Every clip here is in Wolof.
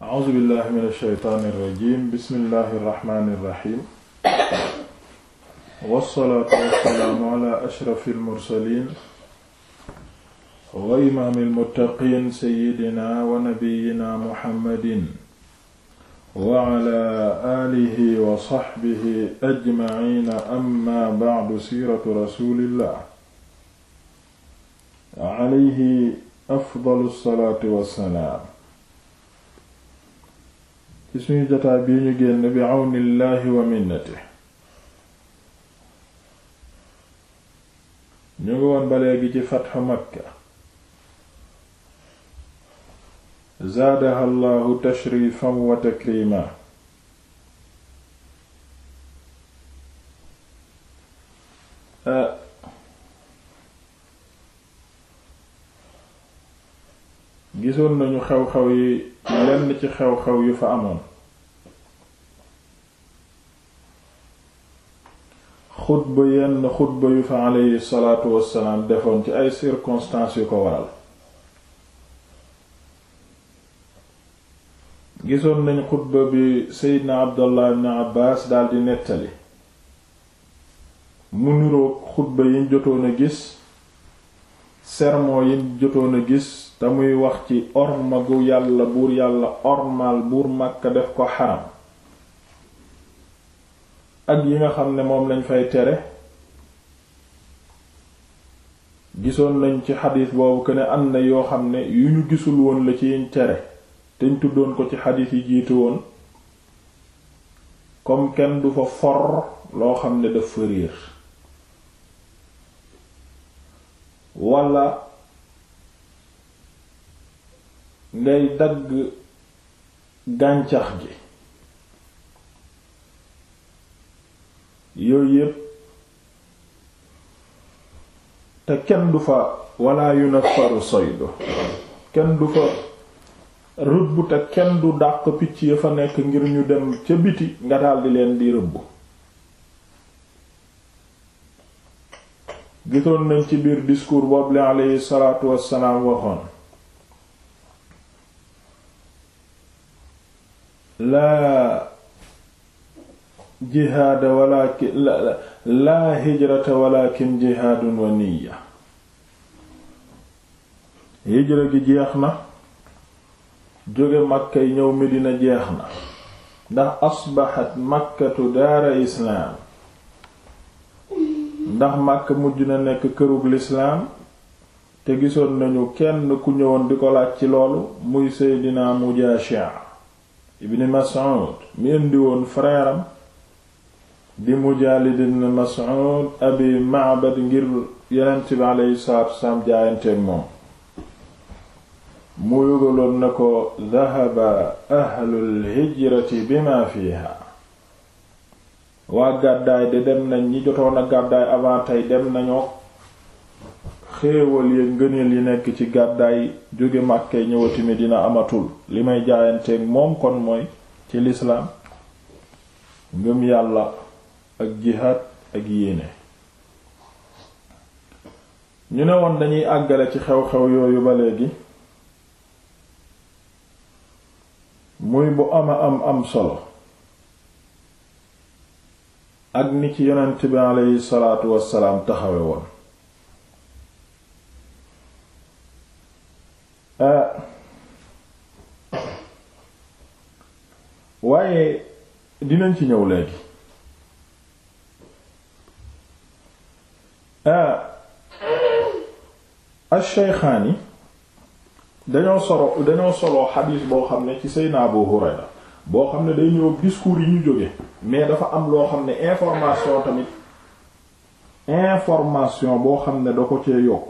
a'uuzu billahi min ash-shaytaani irrajim bismillahi irrahmani irrahim wassalaatu wassalaamu ala ashrafi almursalin wa imaami almuttaqiin sayyidina wa nabiyyina muhammadin wa ala aalihi wa sahbihi ajmaciina amma ba'du siiratu rasuulillah alayhi afdalu salaatu wassalaam ci suñu jotaay bii ñu génn bi àwnillaahi wa minnati ñu ngi woon ba léegi ci fatxu makka zaadaha llahu tashrifan wa takrima ah. xew-xew yi lenn ci xew-xew yu fa amoon xutba yenn xutba yu fa aleyhi salaatu wassalaam defoon ci ay circonstances yu ko waral gisoon nañ xutba bi seydna abdallah ibn abbas daldi nettali mu niroog xutba yiñ jotoon a gis sermon yiñ jotoon a gis te wax ci orma gu yàlla buur yàlla ormal buur màkka def ko xaram ak yi nga xam ne moom lañ fay tere gisoon lañ ci xadiis boobu ko ne am na yoo xam ne yu ñu gisul woon la ci yiñ tere te ñu tuddoon ko ci xadiis yi jiitu woon comme kenn du fa for loo xam ne daf fa walla ngay dagg gàncax gi yooyu yépp te kenn du fa wala yunaffaru soydu kenn du fa bu te kenn du dàq picc ya fa nekk ngir ñu dem ca biti nga daldi leen di rëbb gisoon nañ ci biir discours boobu la aleyhi salaatu wassalaam waxoon laa jihaada walaakin laa hijrata walaakin jihaadun wa hijra gi jeex na jóge makka yi ñëw medina jeex na ndax asbaxat makkatu daara islaam ndax màkk mujj na nekk kërug lislaam te gisoon nañu kenn ku ñëwoon di ko laaj ci loolu muy seydina mujaasha ibn Mas'ud mi indi woon frère di Mujaalid ibn Mas'ud abi Ma'bad ngir Yonent bi aleyhi salaatu wa moom mu yugaloon na ko dahaba ahlul hijrati bima fiha waa gàddaay de dem nañ ñi jotoon a gàddaay avant tey dem nañoo xéewal ya ngëneel yi nekk ci gàddaay jóge màkke ñëwati dina amatul li may jaayanteeg moom kon mooy ci lislaam ngëm yàlla ak jihaad ak yéene ñu ne woon dañuy àggale ci xew-xew yooyu ba léegi muy bu ama am am solo ak ni ci yonent bi aleyhi salaatu wassalaam taxawe woon Ah. waaye dinañ ci ñëw léegi ah. ash-Shaykhaani dañoo solo dañoo solo xadiis boo xam ne ci Seydina Abu Hurayra boo xam ne day ñëw discours yi ñu jóge mais dafa am loo xam ne information tamit information boo xam ne da ko cee yokk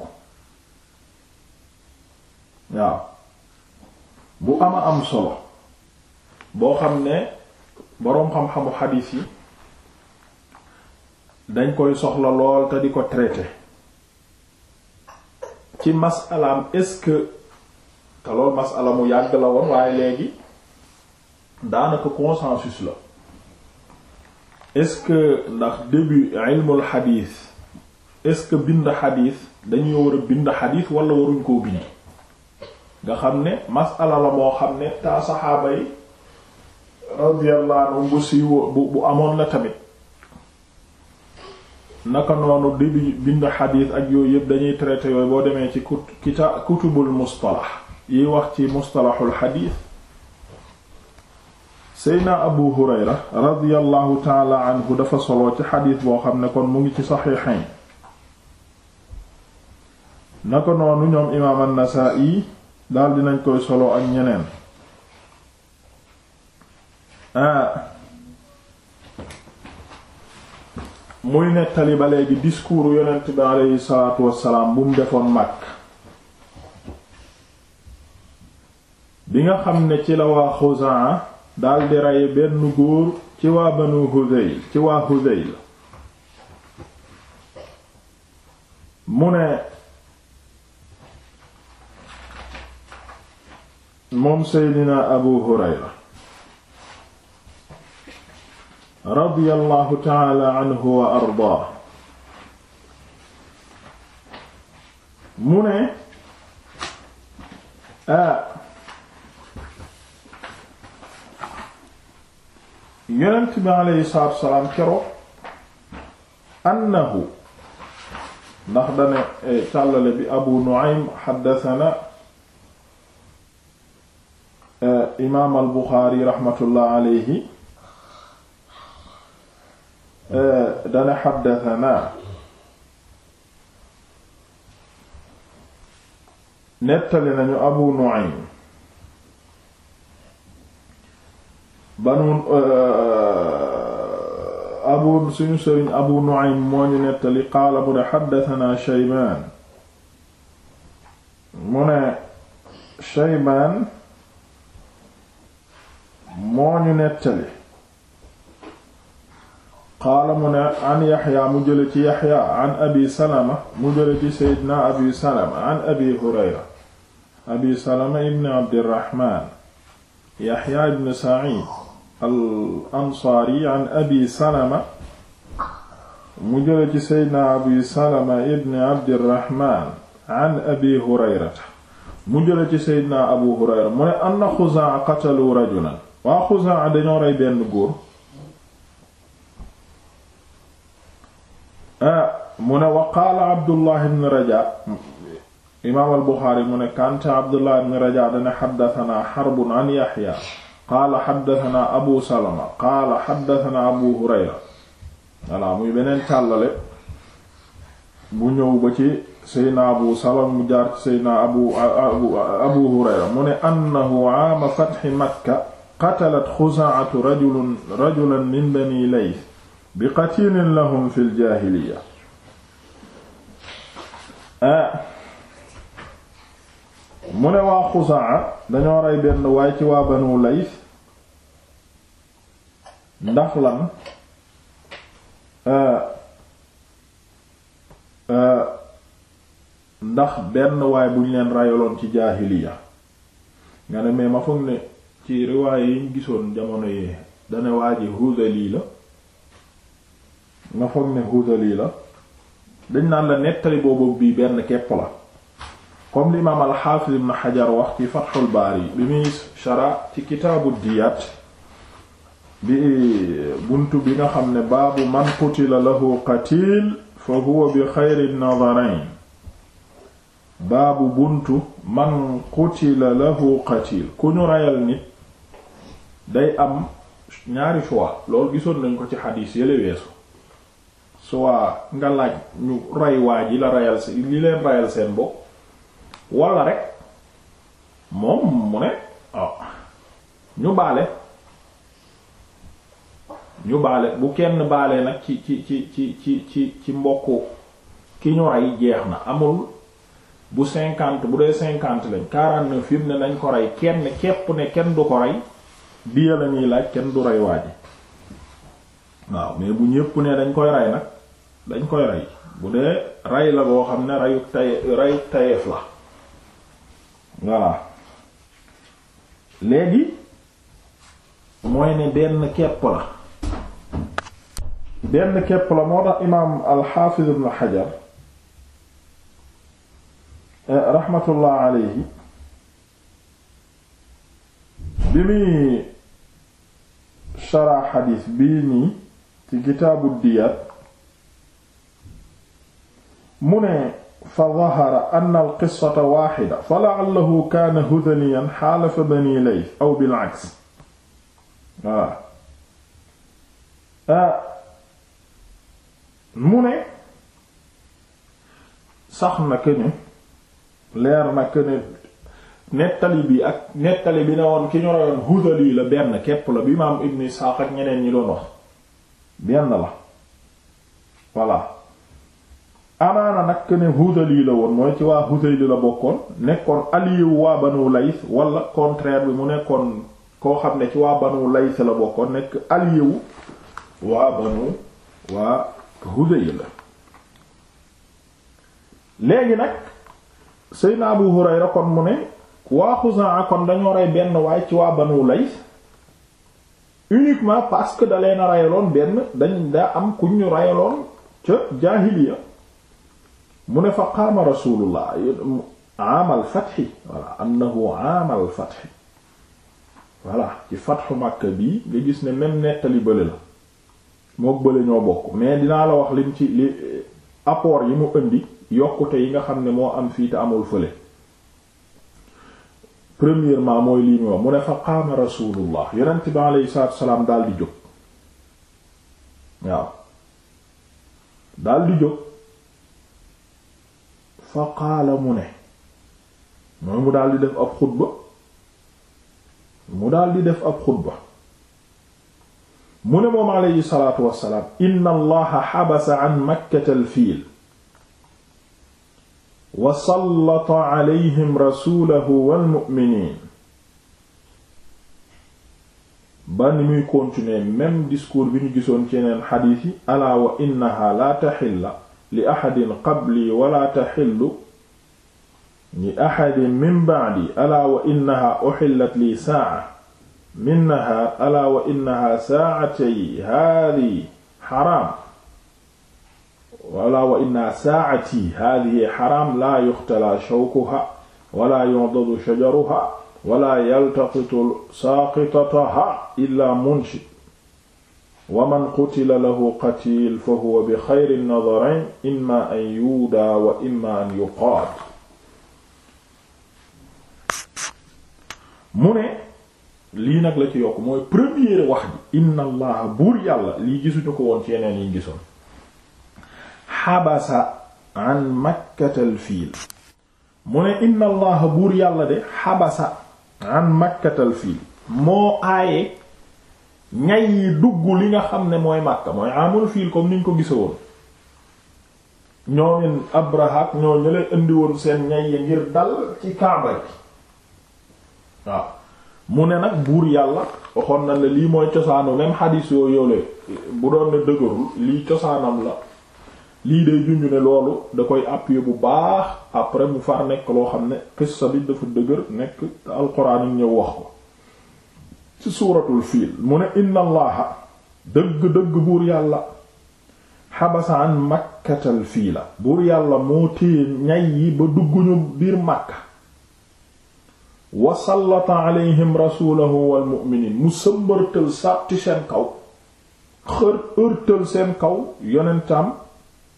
waaw bu ama am solo boo xam ne boroom xam-xamu xadiis yi dañ koy soxla lool te di ko traité ci masalaam est-ce que te lool masala mu yàgg la woon waaye léegi daanaka consensus la est-ce que ndax début ilmul xadiis est-ce que bind xadiis dañuy war a bind xadiis wala waruñ koo bind nga xam ne masala la moo xam ne taa saxaaba yi radiyallahu bu siiwoo bu bu amoon la tamit naka noonu di bind xadiis ak yooyu yëpp dañuy traité yooyu boo demee ci kita kutubul mustalax yi wax ci mustalaxul xadiis seydna abu hurayra radiyallahu taala anhu dafa solo ci xadiis boo xam ne kon mu ngi ci saxiixayn naka noonu ñoom imaam an daal nañ koy solo ak ñeneen ah. muy nettali ba léegi discours yonent bi aleyhi wassalaam bu mu defoon Makka bi nga xam ne ci la waa Xuzaa daldi ray benn góor ci waa Banu Hudayl ci waa Hudayl mu ne moom seydina abu hurayra radiyallahu taala anhu wa ardaa mu ne a yonent bi aleyhi salaatu wasalaam kero annahu ndax dane eh, càllale bi abu nu'aym xaddatana imaam al Buxaari raxmatullah alayhi eh, dana xaddatanaa nettali nañu abu nu'aym banu eh, abu suñu sëriñ abu nu'aym moo ñu nettali qaala mu ne xaddatanaa shaybaan mu ne shaybaan moo ñu nettali qaala mu ne an yaxya mu jële ci yaxya an abi salama mu jële ci seydna abi salama an abi hurayra abi salama ibn abdirahman yaxya ibn sa'id al ansaari an abi salama mu jële ci seydna abi salama ibn abdirahman an abi hurayrata mu jële ci seydna abu hurayra mu ne anna xuzaa qatalu rajulan waa Xuzaa dañoo rey benn góor ah, mu ne wa qaala Abdullah ibn Rajaa imaam al mu ne kaana Abdullah ibn Rajaa dana xaddasanaa Xarbun an Yaxyaa qaala xaddasanaa Abu Salama qaala xaddasanaa Abu Hurayra voilà muy beneen càllale bu ñëw ba ci Abu Salama mu Abu Abu mu ne annahu aama fatxi Makka qatalat xuzaatu rajulun rajulan min bani lays bi qatilin lahum fi ljaahiliya mu ne waa xuzaa dañoo rey benn waay ci waa banu lays ndax lan ndax benn waay buñ leen reyaloon ci jaahiliya nga ne mais ma foog ne ci riwaaye yi gisoon jamono yee dane waa ji Hudali la nga foog ne Hudali la dañ naan la nettali boobu bii benn kepp la comme l'imam al-Hafiz ibn Hajar wax ci Fathul Bari bi muy shara ci kitaabu diyaat bi buntu bi nga xam ne baabu man qutila lahu qatil fa huwa bi xayri nadarayn baabu buntu man qutila lahu qatil ku ñu rayal nit day am ñaari choix loolu gisoon nañ ko ci xadiis yële weesu soit nga laaj ñu rey waa ji la reyal si li leen reyal seen bopp wala rek moom mu ne ah ñu baale ñu baale bu kenn baale nag ci ci ci ci ci ci ci mbokku ki ñu rey jeex na amul bu cinquante bu dee cinquante lañ quarante-neuf yëpp ne nañ ko rey kenn képp ne kenn du ko rey diya la laaj kenn du rey waa waaw mais bu ñépp ne dañ koy ray nag dañ koy rey bu dee rey la boo xam ne reyu tay reyu tayeef la voilà léegi mooy ne benn kepp la benn kepp la moo tax imaam alxaafiz ibn xajar eh, raxmatullah alayhi bi muy shara xadiis bii nii ci kitaabu diyaat mu ne fa zahara anna al qissata waaxida fa la'allahu kaana hudaniyan xaalafa bani Layth aw bil aks waaw ah. mu ne sax na këne leer na këne nettali bi ak nettali bi ne woon ki ñu rayoon Hudali la benn képp la bi imaam Ibn Isxaaq ak ñeneen ñi doon wax benn la voilà amaana nag ne Hudali la woon mooy ci waa Hudali la bokkoon nekkoon aliyu waa Banu bi mu nekkoon koo xam ne ci waa Banu Lays la nekk aliyu waa léegi nag Seydina Abu Hurayra kon mu ne waa Xuzaa kon dañoo rey benn waay ci waa Banu Lays uniquement parce que da leen reyaloon benn dañ daa am ku ñu reyaloon ca jaahiliya mu ne fa qaama Rasulullah aamal fatxi voilà fatxi voilà ci fatxu Makka bii nga gis ne même nettali bële la mook bële ñoo bokk mais dinaa la wax lim ci li apport yi mu indi yokkute yi nga xam ne moo am fii te amul fële premièrement mooy lii mu wax mu ne fa qaama rasulullah yonent bi aleyhi salaatu salaam daal di jóg waaw daal di jóg fa qaala mu ne mooy mu daal di def ab xutba mu daal di def ab xutba mu moom aleyhi salaatu wassalaam an makkata al wa sallata alayhim rasulahu wal mu'miniin ba ni muy continuer même discours bi ñu gisoon ci yeneen xadiis yi alaa wa innaha la taxilla li axadin qabli wala taxillu li axadin min bacdi alaa wa innaha uxillat li saaca min nahaar alaa wa innaha saacatay haadi xaraam wala wa inna saa'ati haadihi xaram laa yuxtalaa shawkuha wala yu'dadu shajaruha wala yaltaqitu saaqitataha illa munshid wa man qutila lahu qatil fa huwa bi xayri nadarayn imma an yuudaa wa imma an yuqaad mu ne lii nag la ci yokk mooy première wax ji inna allaha buur yàlla lii gisuñu ko woon ci yeneen yi gisoon xabasa an makkatal fiil mu ne inna allaha buur yàlla de xabasa an makkatal fiil moo aaye ñay yi dugg li nga xam ne mooy màkka mooy amul fiil comme niñ ko gisa woon ñoomin abraha ñoo ñu lay indi woon seen ñay yi ngir dal ci kaaba yi waaw mu ne nag buur yàlla waxoon na la lii mooy cosaanu même xadiis yooyu yoolee bu doon ne dëgërul lii cosaanam la lii day junj ne loolu da koy appuyer bu baax après mu far nekk loo xam ne qissa bi dafa dëgër nekk te alquran yi ñëw wax ko ci suuratul fiil mu ne inna dëgg-dëgg buur yàlla xabasa an makkatal fiila buur yàlla moo téye ñay yi ba dugguñu biir màkka wa sallata alayhim rasulahu wal mu'miniin mu sëmbërtal sàtti seen kaw xër ërtal seen kaw yonentam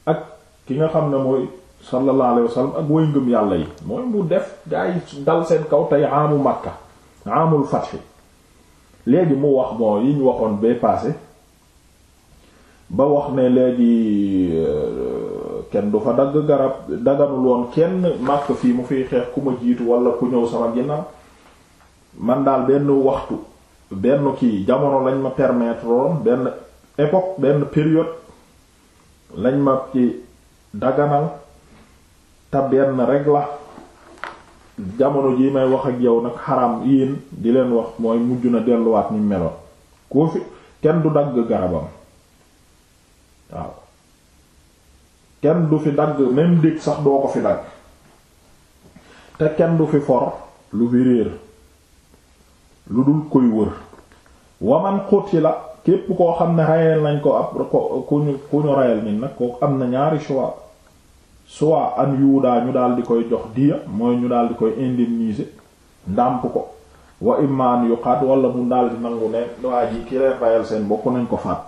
ak ki nga xam ne mooy sallallahu alayhi ak woy ngëm yàlla yi mooy mu def gaa yi dal seen kaw tey amu makka amul fi léegi mu wax bon yi ñu waxoon bay passé ba wax ne léegi euh, kenn du fa dagg garab daganul kenn màkk fii mu fiy xeex ku ma jiitu wala ku ñëw sama ginnaaw man daal benn waxtu benn kii jamono lañ ma permettre benn époque benn période lañ ma ci dagganal te benn rek la jamono ji may wax ak yow nag xaram yéen di leen wax mooy mujj na delluwaat ni melo koo fi kenn du dagg garabam waaw kenn du fi dagg même dég sax doo ko fi dagg te kenn du fi for lu fi réer lu dul koy wër waman xuti la képp koo xam ne rayal nañ ko ab ku ñu rayal nit nag kooku am na ñaari choix soit an yuudaa ñu daal di koy jox diya mooy ñu daal di koy indemniser ndàmp ko wa imma an yuqaat wala mu daal di nangu ne waa ji ki leen rayal seen bokk nañ ko faat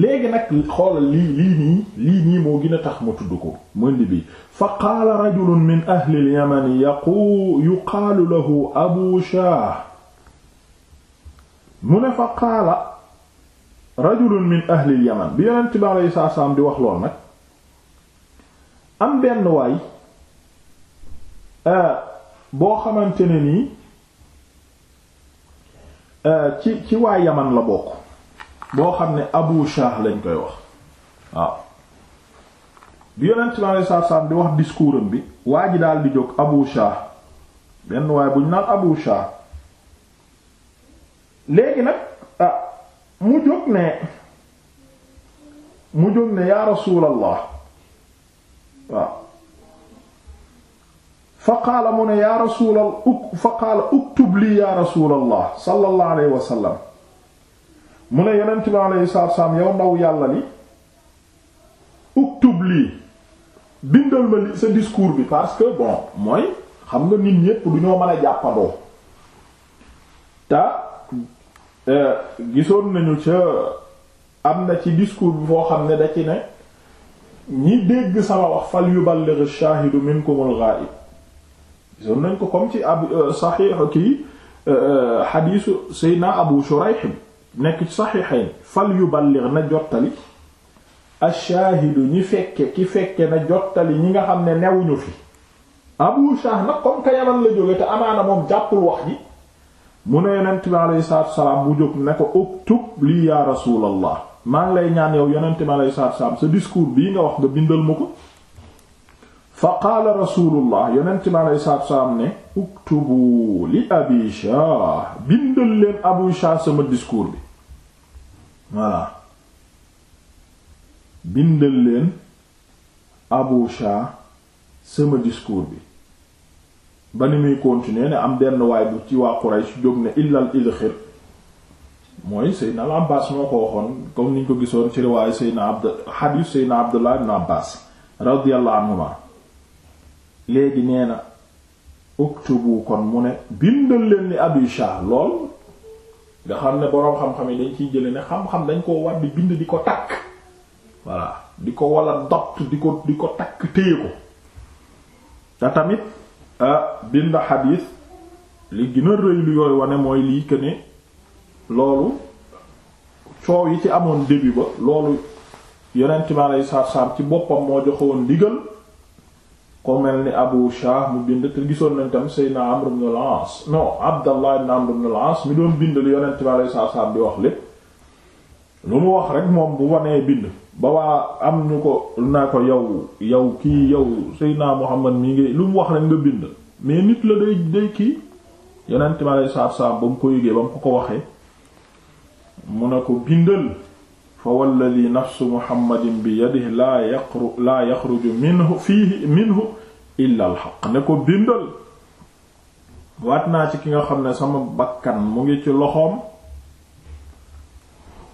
léegi nag xoolal lii lii nii moo gën a tax ma tudd ko mundi bi fa qaala rajulun min ahli al-yaman yaqu yuqaalu abu shah mu ne fa qaala rajulun min ahli yaman bi yonent bi alayhi salaatu di wax lool nag am benn waay euh, boo xamante ne nii euh, ci ci waa yaman la bokk boo xam ne Abu Shah lañ koy wax waaw bi yonent bi alayhi salaatu di wax discours am bi waa ji daal di jóg Abu Shah benn waay buñ ñu naan Abu Shah léegi nag ah, mu jóg ne mu jóg ne yaa rasuulallah waaw fa qaala mu ne yaa rasuulal uk fa qaala uktub lii yaa rasuulallah sallallahu alayhi wa mu ne yonent bi alayhi salaatu wa yow ndaw yàlla li uktub lii bindal ma li sa discours bi parce que bon mooy xam nga nit ñépp du ñoo mën a jàppandoo ta Euh, gisoon nañu ca am na ci discours bi foo xam ne da ci ne ñi dégg sama wax fal yuballigh ash-shahidu minkum al-ghaib gisoon nañ ko comme ci ab euh, saxiix kii euh, xadiisu Seydina Abu Shurayh nekk ci saxiixayn fal yuballigh na jottali ash-shahidu ñi fekke ki fekke na jottali ñi nga xam ne newuñu fi Abu Shah nag comme ka la jóge te amaana moom jàppul wax ji mu ne yonent bi aleyhi salaatu wasalaam bu jóg ne ko uktub lii yaa rasuulallah maa lay ñaan yow yonent bi aleyhi sa wasalaam sa discours bii nga wax nga bindal ma ko fa qaala rasuulullah yonent bi aleyhi ne uktubu li abi bindal leen abu sama discours bi leen abu shah sama discours bi ba ni muy continuer ne am benn waay bu ci waa Quraysh jóg ne illal idxir mooy Seydina al moo ko waxoon comme niñ ko gisoon ci riwaayu Seydina Abd hadith Seydina Abdullah ibn Abbas radiyallahu anhuma léegi nee na uktubu kon mu ne bindal leen ni Abi Shah lool nga xam ne boroom xam-xam yi dañ ciy jële ne xam-xam dañ koo war bind di ko takk voilà di ko wala dopt di ko di ko takk téye ko te tamit bind xadiis li gën a rëy lu yooyu wane mooy lii que ne loolu coow yi ci amoon début ba loolu yonent bi aleyhi salaatu salaam ci boppam moo joxewoon ndigal ko mel ni Abu Shah mu bind te gisoon nañ tam Seydina Amr ibn al-As non Abdallah ibn Amr ibn al-As mi doon bind li yonent bi aleyhi salaatu salaam di wax lépp lu mu wax rek moom bu wanee bind ba waa am ñu ko naa ko yow yow kii yow Seydina Muhammad mi ngi lu mu wax rek nga bind mais nit la day day kii yeneen ma lay saab saab ba mu ko yëgee ba mu ko ko waxee mu ne ko bindal fa walladi nafsu Muhammadin bi yadihi laa yaqru laa yaxruju minhu fiihi minhu illa alxaq ne ko bindal waat naa ci ki nga xam ne sama bakkan mu ngi ci loxoom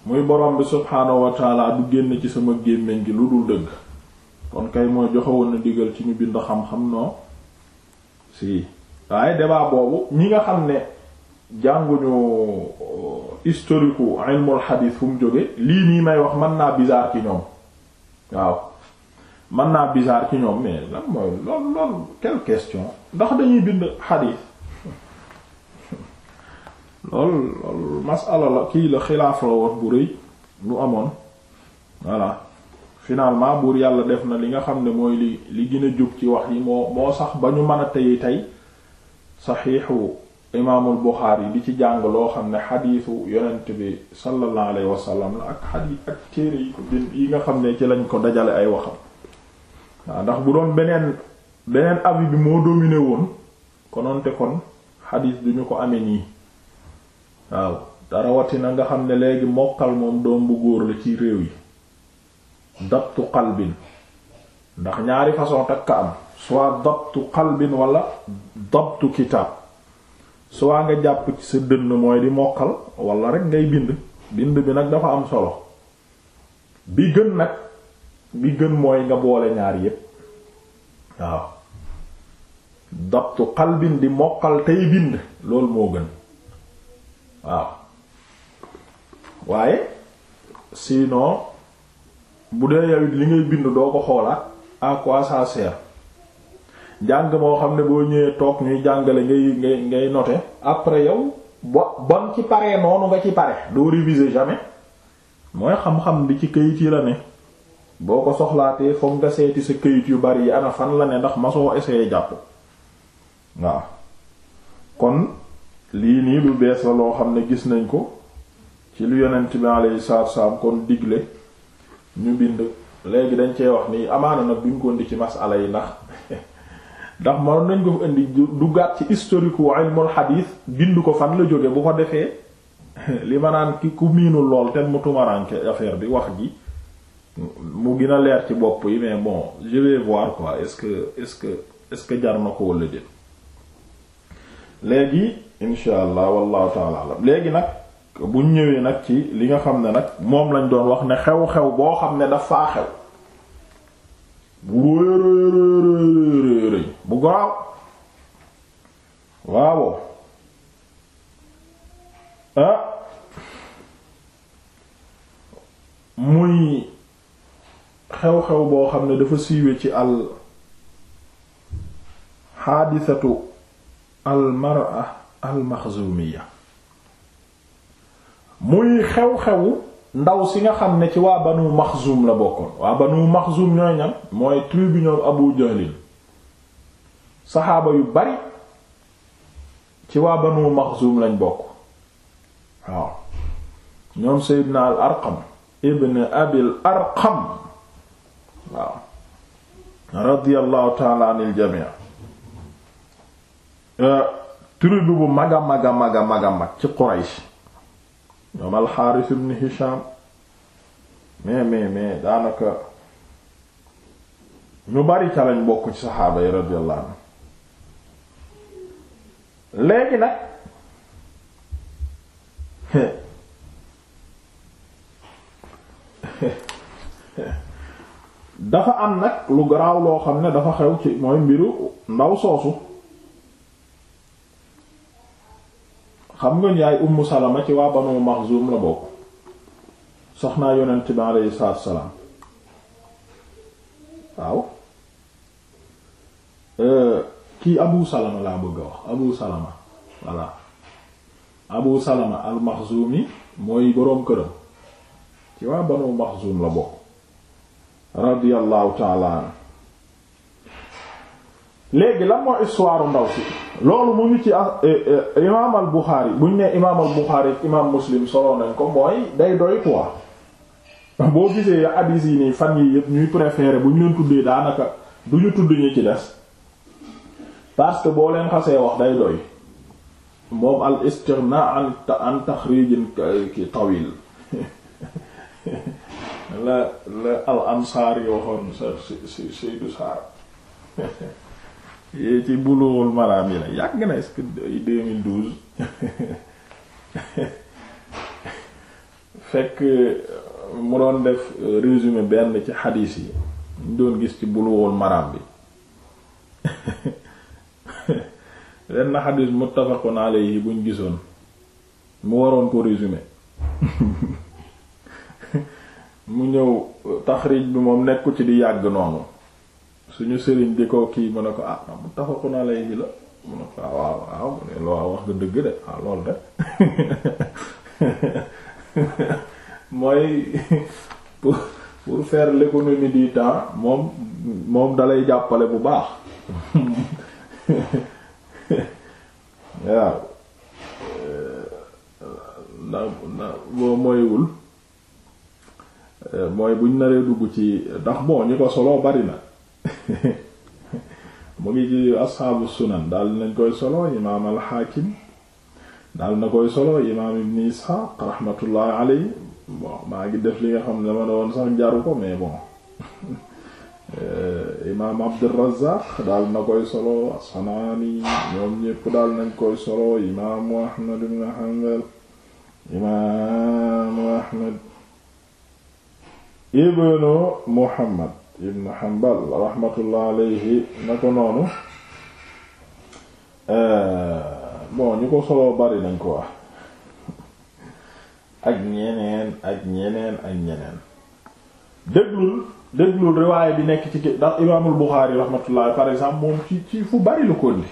muy borom bi subhaanahu wa du génn ci sama gémmiñ gi lu dul dëgg kon kay mooy joxewoon na digal ci ñu bind xam-xam noo si waaye débat boobu ñi nga xam ne jànguñu euh, historique u ilmul fu mu jóge lii nii may wax mën naa bizarre ci ñoom waaw mën naa bizarre ci ñoom mais lan mooy lool lool quelle question ndax dañuy bind xadiis lool lool masala la kii la xilaaf la woon bu rëy lu amoon voilà finalement buur yàlla def na li nga xam ne mooy li li gën a jub ci wax yi moo moo sax ba ñu mën a tey tey saxiixu imaamul Buxaari yi li ci jàng loo xam ne xadiisu yonent bi sallallahu alayhi wa sallam la ak xadiis ak téere yi ko bind yi nga xam ne ci lañ ko dajale ay waxam waaw ndax bu doon beneen beneen avis bi moo dominé woon konoonte kon xadiis du ko amee nii waaw rawatina nga xam ne léegi mokkal moom doom bu góor la ci réew yi dabtu qalbin ndax ñaari façon takk am soit dabtu qalbin wala dabtu kitaab soit nga jàpp ci sa dënn mooy di mokkal walla rek ngay bind bind bi nag dafa am solo bi gën nag bi gën mooy nga boole ñaar yépp waaw dabtu qalbin di mokkal tey bind loolu moo gën waaw waaye sinon bu dee yawit li ngay bind doo ko xoolaat à quoi ça jàng moo xam ne boo ñëwee toog ñuy jàngale ngay ngay ngay noter après yow ba bon ci pare noonu nga ci pare doo réviser jamais mooy xam-xam bi ci këyit yi la ne boo ko soxlaatee foog nga seeti sa kayit yu bari yi ana fan la ne ndax ma soo essayé jàpp waaw kon lii nii lu bees la loo xam ne gis nañ ko ci lu yonent bi alayhi salaatu salaam kon digle ñu bind léegi dañ cee wax nii amaana nag duñ ko indi ci masala yi ndax ndax mënoon nañ ko indi du gàtt ci historique wu ilmul xadiis bind ko fan la jóge bu ko defee li ma naan ki ku miinul lool ten mu tumaranke affaire bi wax ji mu gën a leer ci bopp yi mais bon je vais voir quoi est-ce que est-ce que est-ce que jar na ko wala déet léegi insha allah wallahu taala léegi nag bu ñëwee nag ci li nga xam ne nag moom lañ doon wax ne xew-xew boo xam ne dafaa xew bu wéeréréréréré waaw xew-xew boo xam ne dafa siiwe ci al xaadisatu almara almaxzumiya muy xew-xewu ndaw si nga xam ne ci waa banu maxzum la bokkoon waa banu maxzum ñooy ñan mooy tribu ñoom abu jahlin saxaaba yu bari ci waa banu maxzum lañ bokk waaw ñoom seydina al arqam ibn abil arqam waaw radiyallahu ta'ala anil jami' Euh, tribu bu mag a mag a mag a mag a mag ci Quraysh ñoom alxaaris ibn Hisham mais mais mais daanaka ñu bari ca lañ bokk ci saxaaba yi radiyallahu anhu léegi nag dafa am nag lu garaaw loo xam ne dafa xew ci mooy mbiru ndaw soosu xam nga yaay ummu salama ci waa banu maxzum la bokk soxnaa yonent bi aleyhi salaatu salaam waaw euh, kii abu salama laa bëgg wax abu salama voilà abu salama al maxzumi mooy boroom këram ci waa banu maxzum la bokk radiyallahu taala an léegi lan moo histoire ndaw si loolu mu ngi ci ah, eh, eh, imaam al Buxaari buñ ne imaam al Buxaari imaam Muslim solo nañ ko mooy day doy quoi boo gisee hadis yi nii fan yi yëpp ñuy préféré bu ñu leen tuddee daanaka du ñu tudd ñi ci des parce que boo leen xasee wax day doy moom al istighna an taxrijin tawil la la al ansaar yoo sa si si Seydou Eh, ci Bulughul Maram yi la yàgg na est-ce que 2012 fekk euh, mu doon def euh, résumé benn ci xadiis yi ñu doon gis ci Bulughul Maram bi benn xadiis muttafaqun yi buñ gisoon mu waroon ko résumé mu ñëw euh, taxrij bi moom nekku ci di yàgg noonu suñu sëriñ di ko kii mu ne ko ah mu tafaxu naa lay ji la mu ko ah, waaw waaw mu ne loo wax nga dëgg de ah lool de mooy pour pour faire l'économie du temps moom moom dalay jàppale bu baax waaw euh, na boo moywul euh, mooy buñ naree dugg ci ndax bon ñi ko solo bari na mu ngi ci asxaabu sunan daal nañ koy solo imaam alxaakim daal na koy solo imaam ibni isxaaq rahmatullahi alayhi bon maa ngi def li nga xam ne dama ne woon sax jaru ko eh, imaam abdurazaq daal na koy solo asanaani ñoom daal nañ koy solo imaamu ahmad ibn hanbal ahmad ibnu muhammad ibn Hanbal rahmatullah alayhi naka noonu euh, bon ñu ko solo bari nañ ko wax ak ñeneen ak ñeneen ak ñeneen déglul déglul riwaaya bi nekk ci ndax imaamul Buxaari rahmatullah par exemple moom ci ci fu bari la ko indi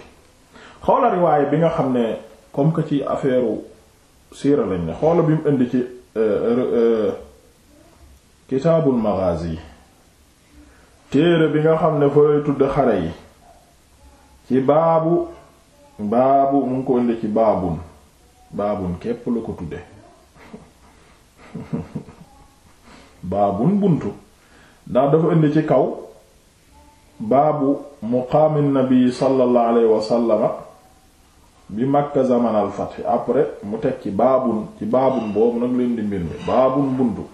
xoola riwaaya bi nga xam ne comme ko ci affaire siira lañ ne xoola bi mu indi ci euh, euh, kitaabul Maghaazi téere bi nga xam ne fa tudd xare yi ci baabu baabu mu ngi indi ci baabun baabun képp la ko tudde baabun buntu ndax dafa indi ci kaw baabu muqaamin nabi sallallahu alayhi wa bi makka zamanal fath après mu teg ci baabun ci baabun boobu nag leen di mbir mi baabun buntu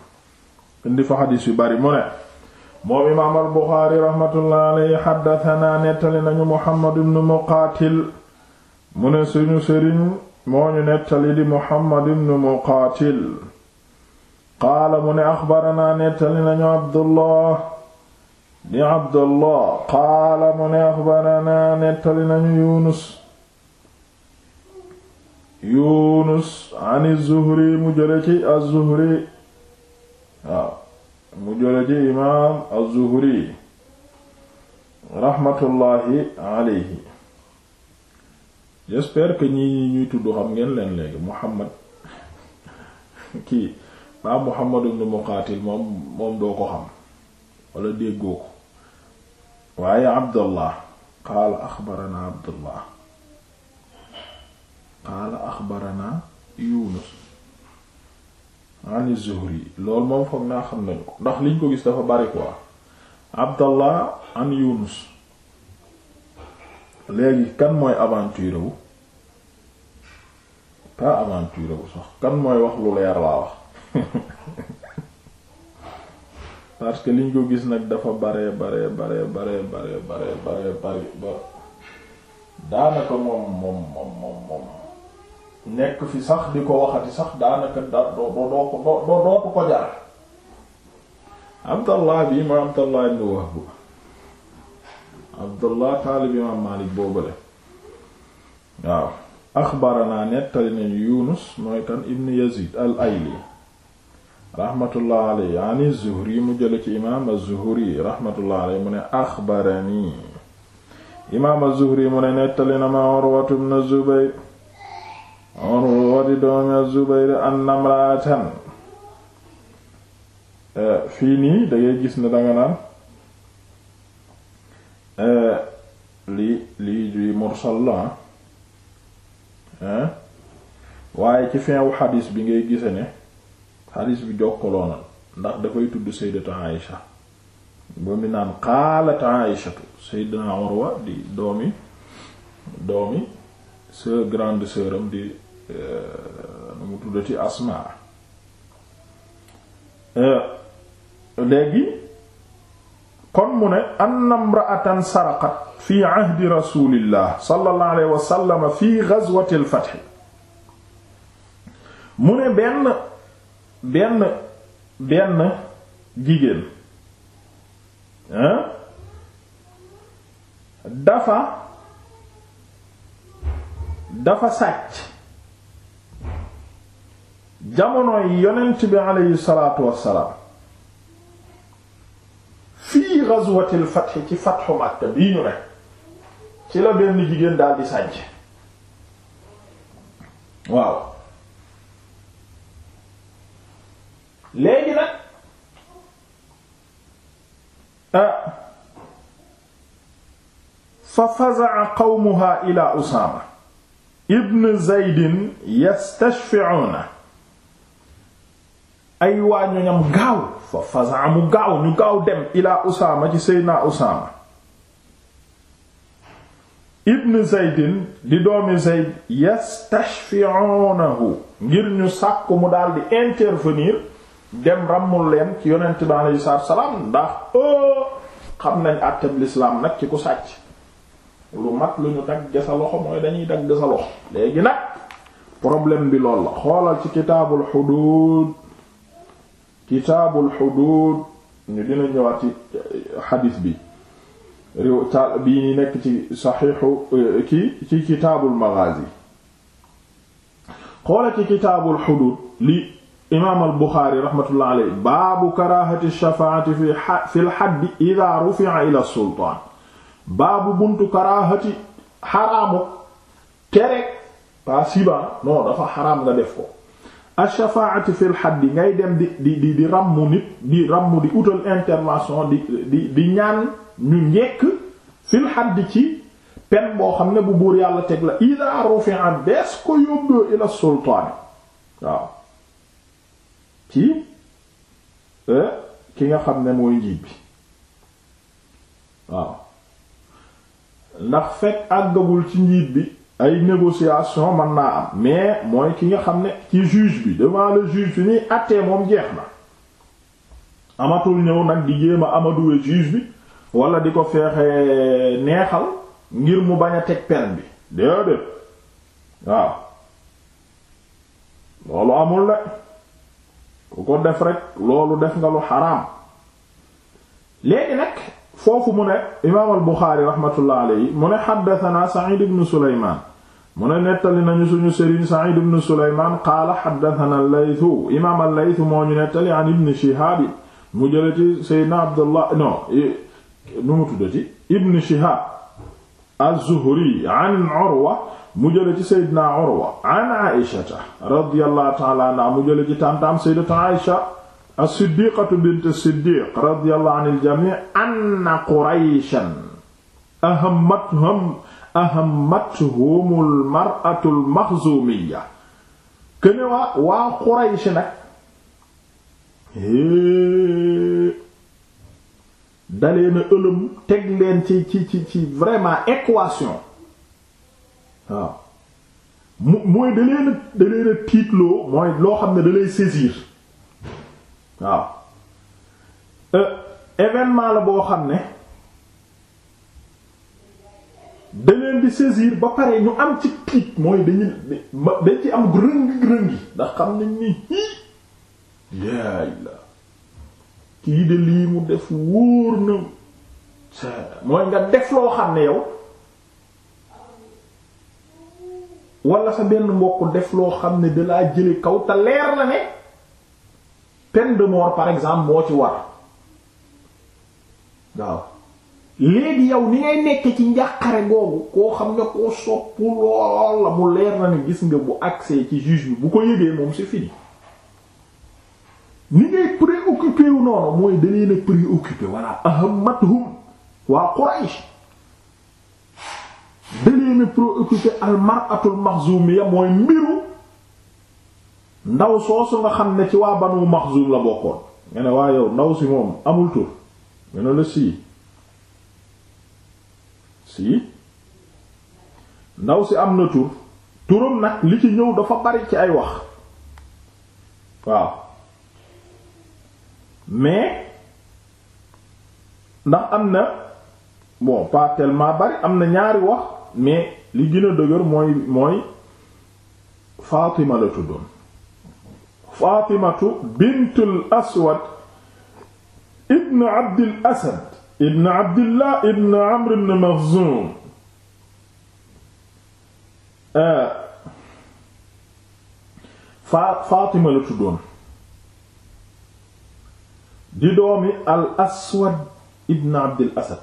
indi fa xadiis yu bari mu ne moom imaam al buxaari raxmatullahi alayhi xaddatanaa nettali nañu muhammad ibn muqaatil mu ne suñu sëriñ moo ñu nettali di muhammad ibn muqaatil qaala mu ne axbaranaa nettali nañu abdullah di abdullah qaala mu ne axbaranaa nettali nañu yunus yunus an zuhri mu jële ci az-zuhri waaw mu jële ci imaam az-Zuhri raxmatullaahi alayhi j'espère que ñi ñuy tudd xam ngeen leen léegi Muhammad kii ba Muhammad ibn Muqaatil moom moom doo ko xam wala déggoo ko waaye Abdullah qaala axbarana Abdullah qaala axbarana Yunus an Zuhri loolu moom foog naa xam nañu ko ndax liñ ko gis dafa bari ko Abdallah an Yunus léegi kan mooy aventure wu pas aventure wu sax kan mooy wax lu leer laa wax parce que liñ ko gis nag dafa bare bare bare bare bare bare bare bare ba daanaka moom moom moom moom nekk fi sax di ko waxati sax daanaka da doo doo ko doo dootu ko jar Abdallah bi ma Abdallah ibn Wahb Abdallah taalib imaam Maalik boobale waaw axbarana nettali nañu Yunus mooy kan ibn Yazid al-Ayli rahmatullah alayhi yaani Zuhri mu jële ci imaam az-Zuhri rahmatullah mu ne axbarani imaam az mu ne nettali na ma Urwatu ibn Zubayr Urwa di doomi Az-Zubayr anna imra'atan eh, fii nii da gis ne danga naan eh, lii lii mursal la ah waaye ci fin wu bi ngay gise ne xadis bi jokkaloo ndax dafay tudd sayyidatu Aïsha ba mi naan qaalat Aïshatu sayyidina Urwa di doomi doomi sœur grande sœur am di euh, nu mu tuddati Asma euh, léegi kon mu ne anna imra'atan saraqat fi ahdi rasulillah sallallahu alayhi wa fi ghazwati al-fath mu ne benn benn benn jigéen dafa dafa sàcc jamonoy yonent bi aleyhi salaatu wassalaam fii ghazwatil fath ci fathu Makka bii ñu ci la benn jigéen daal di sàcc waaw léegi nag ah. fa faza'a qawmuha ila Usaama ibn zaydin yastashfi'una ay waa gaaw fa fasaa mu gaaw ñu gaaw dem ilaa usaama ci seydinaa usaama ibn zaydin di doomi zayd yastashfi'unahu ngir ñu sàkk mu daldi intervenir dem ràmmul leen ci yonent bi aleyhi salaatu wa salaam ndax o oh, xam nañ àttab lislaam nag ci ku sàcc lu mat lu ñu dagg loxo mooy dañuy dagg sa loxo léegi nag problème bi lool la xoolal ci kitaabul xuduud kitaabul xuduud ñu dina ñëwaat ci eh, xadiis bi bi ni nekk ci saxiixu eh, ki ci kitaabul magaazi xoolal ci kitaabul xuduud li imaam al buxaari raxmatullahi alayhi baabu karaahati shafaati fi fi al xaddi idaa rufi'a ila sultaan baabu buntu karaahati xaraamu tere pas siba dafa xaraam nga def ko ash-shafaa'ati fil xaddi ngay dem di di di di ràmmu nit di ràmmu di utal intervention di ñaan ñu njekk fil xaddi ci pen boo xam ne bu buur yàlla teg la ida rufi'a bees ko yóbboo ila sultaan waaw ci eh, ki nga xam ne mooy njiit bi waaw ndax fekk àggagul ci njiit bi ay négociation mën naa am mais mooy ki nga xam ne ci juge bi devant le juge bi ñuy àttee moom jeex na amatul ñëw nag di jéem a amaduwe juge bi wala di ko feexe neexal ngir mu bañ a teg peine bi déedéet waaw loolu amul la ku ko def rek loolu def nga lu xaraam léegi nag foofu mu ne imaam al Buxaari raxmatullah alayhi mu ne xaddatanaa Saciid ibnu Suleymaan mu ne nettali nañu suñu sëriñ Saciid ibnu Suleymaan qaala xaddatanaa al-Laysu imaam al-Laysu moo ñu nettali an ibni Shihaab mu jële ci Seydina Abdullah no nu mu tuddati ibni Shihaab az-Zuhri an Urwa mu jële ci Seydina Urwa an Aysata radiyallahu ta'ala anha mu jële ci tàntaam Sayyidatuna Aysa as-siddiqatu bint as-siddiq radiyallahu anil jami' anna qurayshan ahammathum ahammathumul mar'atul maxzuumiyya këne waa quraysh nag daleena ëlëm teg leen ci ci ci ci vraiment équation waaw mu mooy daleena daleena tiitloo mooy loo xam ne dalay saisir waaw euh, événement la boo xam ne da leen di saisir ba pare ñu am ci tiit mooy dañu dañ ci am rëngi-rëngi ndax xam nañ ni hii yaay la kii de lii mu def wóor na mooy nga def loo xam ne yow wala sa benn mbokk def loo xam ne dalaa jële kaw ta leer la ne peine de mort par exemple moo ci war waaw léegi yow ni ngay nekk ci njàqare googu koo xam nga koo soppu lool la mu leer na ne gis nga bu accès ci juge bi bu ko yëgee moom c'est fini ni ngay préoccupé wu noonu mooy da leen a préoccupé walla ahammathum waa Quraysh da leen a préoccupé al mar'atul maxzumiya mooy mbiru ndaw soosu nga xam ne ci waa Banu Maxzum la bokkoon nga ne waa yow ndaw si moom amul tur nga la sii sii ndaw si am na tur turam nag li ci ñëw dafa bari ci ay wax waaw mais ndax am na bon pas bari am na ñaari wax mais li gën a dëgër mooy mooy Fatima la tuddoon faatimatu bintul aswad ibn abdil asad ibn abdillah ibn amr ibn maxzum fa faatima la tuddoon di doomi al aswad ibn abdil asad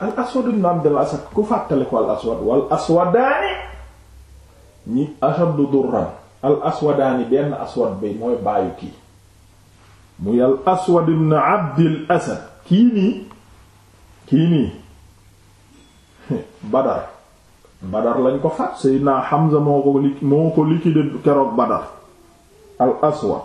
al aswad ibn abdil asad ku fàttale ko al aswad wal aswadaani ñi ashaddu durran al aswadaani benn aswad bi mooy baayu kii muy al aswad ibn abdil asad kii nii kii nii badar badar lañ ko faat seydina Hamza moo ko li moo ko liquide keroog badar al aswad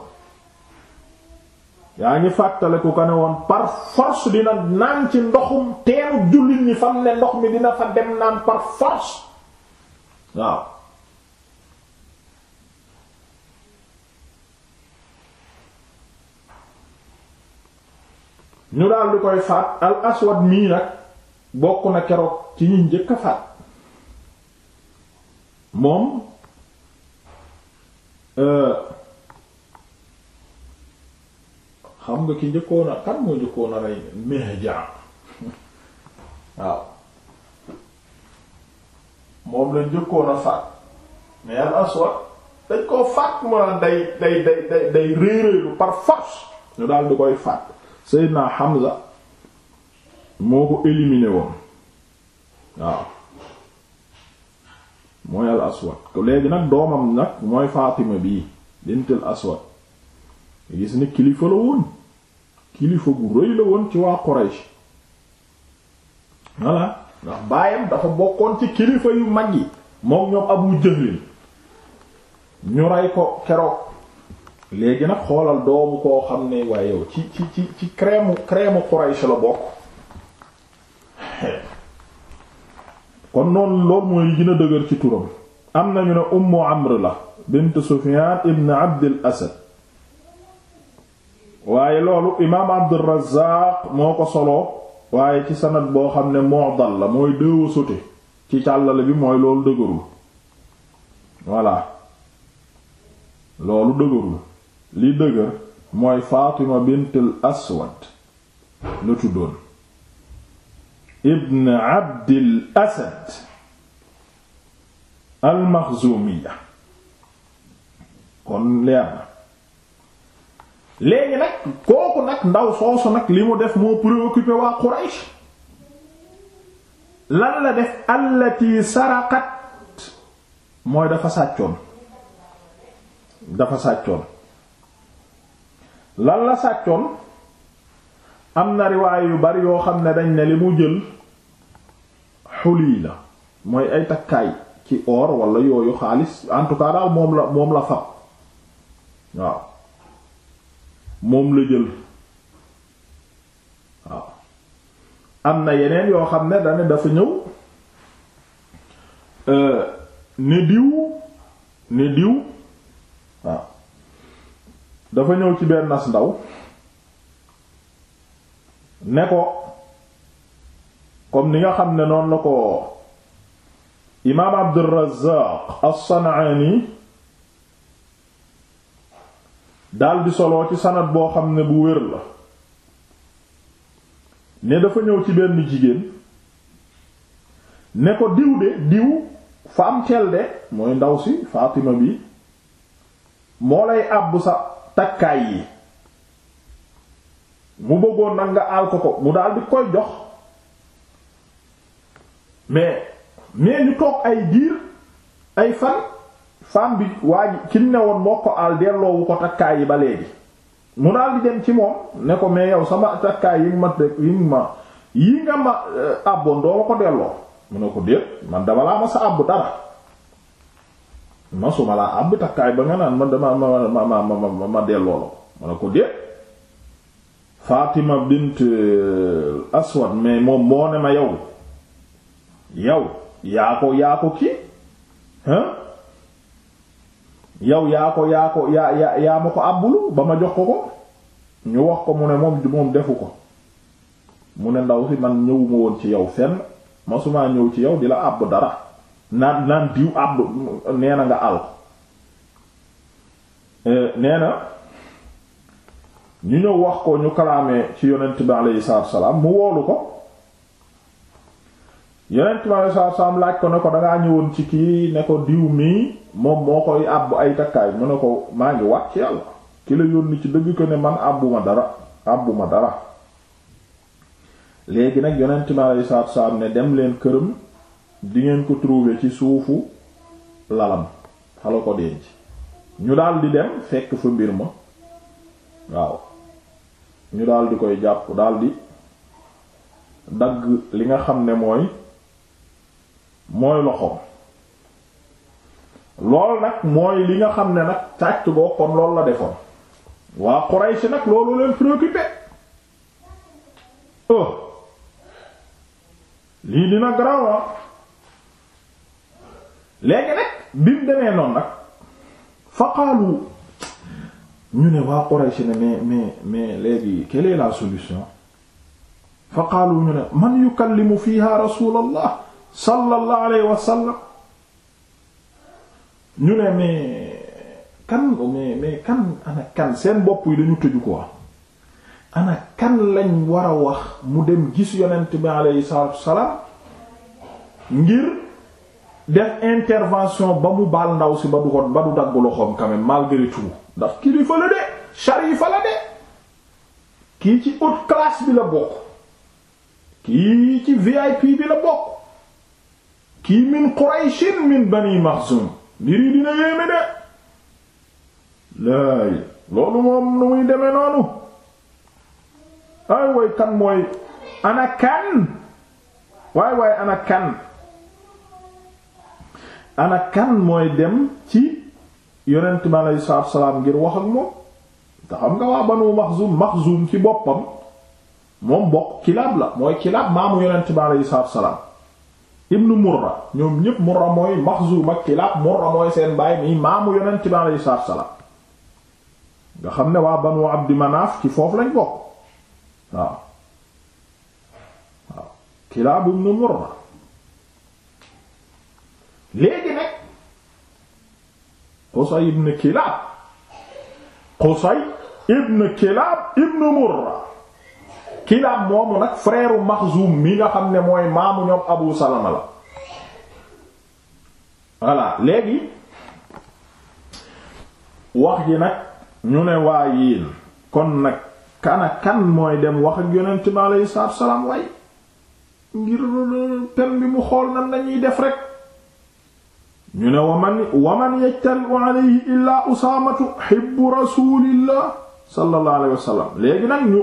yaa ngi fàttaliku ko ne woon par force dina naan ci ndoxum teenu jullit ñi fam ne ndox mi dina fa dem naan par waaw ñu daal di koy faat al aswad mii nag bokk na keroog ci ñi njëkk a faat moom euh, xam nga ki njëkkoon a kan moo njëkkoon a rey Mihjaan waaw moom la njëkkoon a faat mais al aswad dañ koo faat mu day day day day day réeréelu par force ñu daal di koy faat Seydina Hamza moo ko éliminé woon waaw mooy al aswad léegi nag doomam nag mooy Fatima bii bintul aswad gis ni kilifa la woon kilifa gu rëy la woon ci waa Quraysh voilà ndax baayam dafa bokkoon ci kilifa yu mag yi moom ñoom Abu Jahl ñu rey ko keroog léegi nag xoolal doomu koo xam ne waaye yow ci ci ci ci crème crème la bokk kon noonu loolu mooy gën dëgër ci turam am nañu ne ummu amr la bint Sufyan ibn Abdul Asad waaye loolu imaam Abdur Razzaq moo ko solo waaye ci sanad boo xam ne mu'dal la mooy déewa sote ci càllale bi mooy loolu dëgërul voilà loolu dëgërul li dëgër mooy Fatima bintul Aswad lu tuddoon ibn Abdil Asad al kon leer na léegi nag kooku nag ndaw soosu nag li mu def moo préoccupé waa Quraysh lan la def allati saraqat mooy dafa sàccoon dafa sàccoon lan la sàccoon am na riwaay yu bari yoo xam ne dañ ne li mu jël xulii la mooy ay takkaay ci or walla yooyu xaalis en tout cas daal moom la moom la fab waaw moom la jël waaw am na yeneen yoo xam ne dane dafa ñëw euh, ne diw ne diw dafa ñëw ci benn nas ndaw ne ko comme ni nga xam ne noonu la ko imaam Abdurrazzaq as-San'aani daldi soloo ci sanad boo xam ne bu wér la ne dafa ñëw ci benn jigéen ne ko diw de diw fa am teel de mooy ndaw si Faatima bi moo lay àbbu sa takkaay yi mu bëggoon nag nga aal ko ko mu daal di koy jox mais mais ñu toog ay diir ay fan femme bi waa ji ki ne woon moo ko aal delloowu ko takkaay yi ba léegi mu daal di dem ci moom ne ko mais yow sama takkaay yi ma yi ma yi nga ma euh, àbboon doo ma ko delloo mu ne ko déet man dama laa ma sa àbb dara masuma laa àbb takkaay ba nga naan man dama ma ma ma ma ma delloo la ko ne ko déet Fatima bint euh, Aswad mais moom moo ne ma yow yow yaa ko yaa ko kii hein yow yaa ko yaa ko yaa yaa ma ko àbbulu ba ma jox ko ko ñu wax ko mu ne moom moom defu ko mu ne ndaw si man ñëwuma woon ci yow fenn masumaa ñëw ci yow di la àbb dara naan naan diw àbb nee nga àll eh, nee ñu ñëw wax ko ñu kalaamee ci yonent bi aleyhi salaatu salaam mu woolu ko yonent bi aleyhi salaatu salaam laaj ko ne ko dangaa ñëwoon ci kii ne ko diw mii moom moo koy àbb ay takkaay mu ne ko maa ngi wàcc yàlla ki la yónni ci dëgg ko ne man àbbuma dara àbbuma dara léegi nag yonent bi aleyhi salaatu salaam ne dem leen këram di ngeen ko trouve ci suufu lalam xala ko denc ñu daal di dem fekk fa mbir ma waaw ñu daal di koy jàpp daal di dagg li nga xam ne mooy mooy loxoom loolu nag mooy li nga xam ne nag càcc boo kon loolu la defoon waa Quraysh nag loolu leen préoccupé oh lii dina garawa ah. léegi nag bi mu demee noonu nag faqaalu ñu ne waa Quraysh ne mais mais mais léegi la solution faqaalu ñu ne man yukallimu fiha rasulallah sallallahu alayhi wa sallam ñu ne mais kan mais kan kan seen bopp yi dañu tëju quoi ana kan lañ war a wax mu dem gis yonent bi alayhi salaatu wa salaam ngir. def intervention ba mu baal ndaw si ba du ko ba du dagg loxoom quand même malgré ndax kilifa la de sharifa la de kii ci haute classe bi la bokk kii ci VIP bi la bokk kii min Qurayshin min Bani Maxsum mbiri dina yéeme de laay loolu moom nu muy demee noonu ay way kan mooy ana kan waay anakan ana kan mooy dem ci yonent mi sa salaatu salaam ngir wax ak moom te xam nga waa banu maxzum maxzum ci boppam moom bokk kilaab la mooy kilaab maamu yonent mi aleyhi salaatu salaam ibnu murra ñoom ñépp murra mooy maxzum ak kilaab murra mooy seen baay mi maamu yonent mi aleyhi salaatu salaam nga xam ne waa banu abdi manaaf ci foofu lañ bokk waaw waaw kilaab ibnu murra léegi nag Qusay ibn Kilaab Qusay ibn Kilaab ibn Murra Kilaab moomu nag frère Maxzum mi nga xam ne mooy maamu ñoom Abu Salama la voilà léegi wax ji nag ñu ne waa yiin kon nag kana kan mooy dem wax ak yonent bi aleyhi salaatu wa salaam way euh, bi mu xool nan lañuy def rek ñu ne waman waman yajtariu alayhi illaa usaamatu xibbu rasulillah sallallahu alayhi wa sallam léegi nag ñu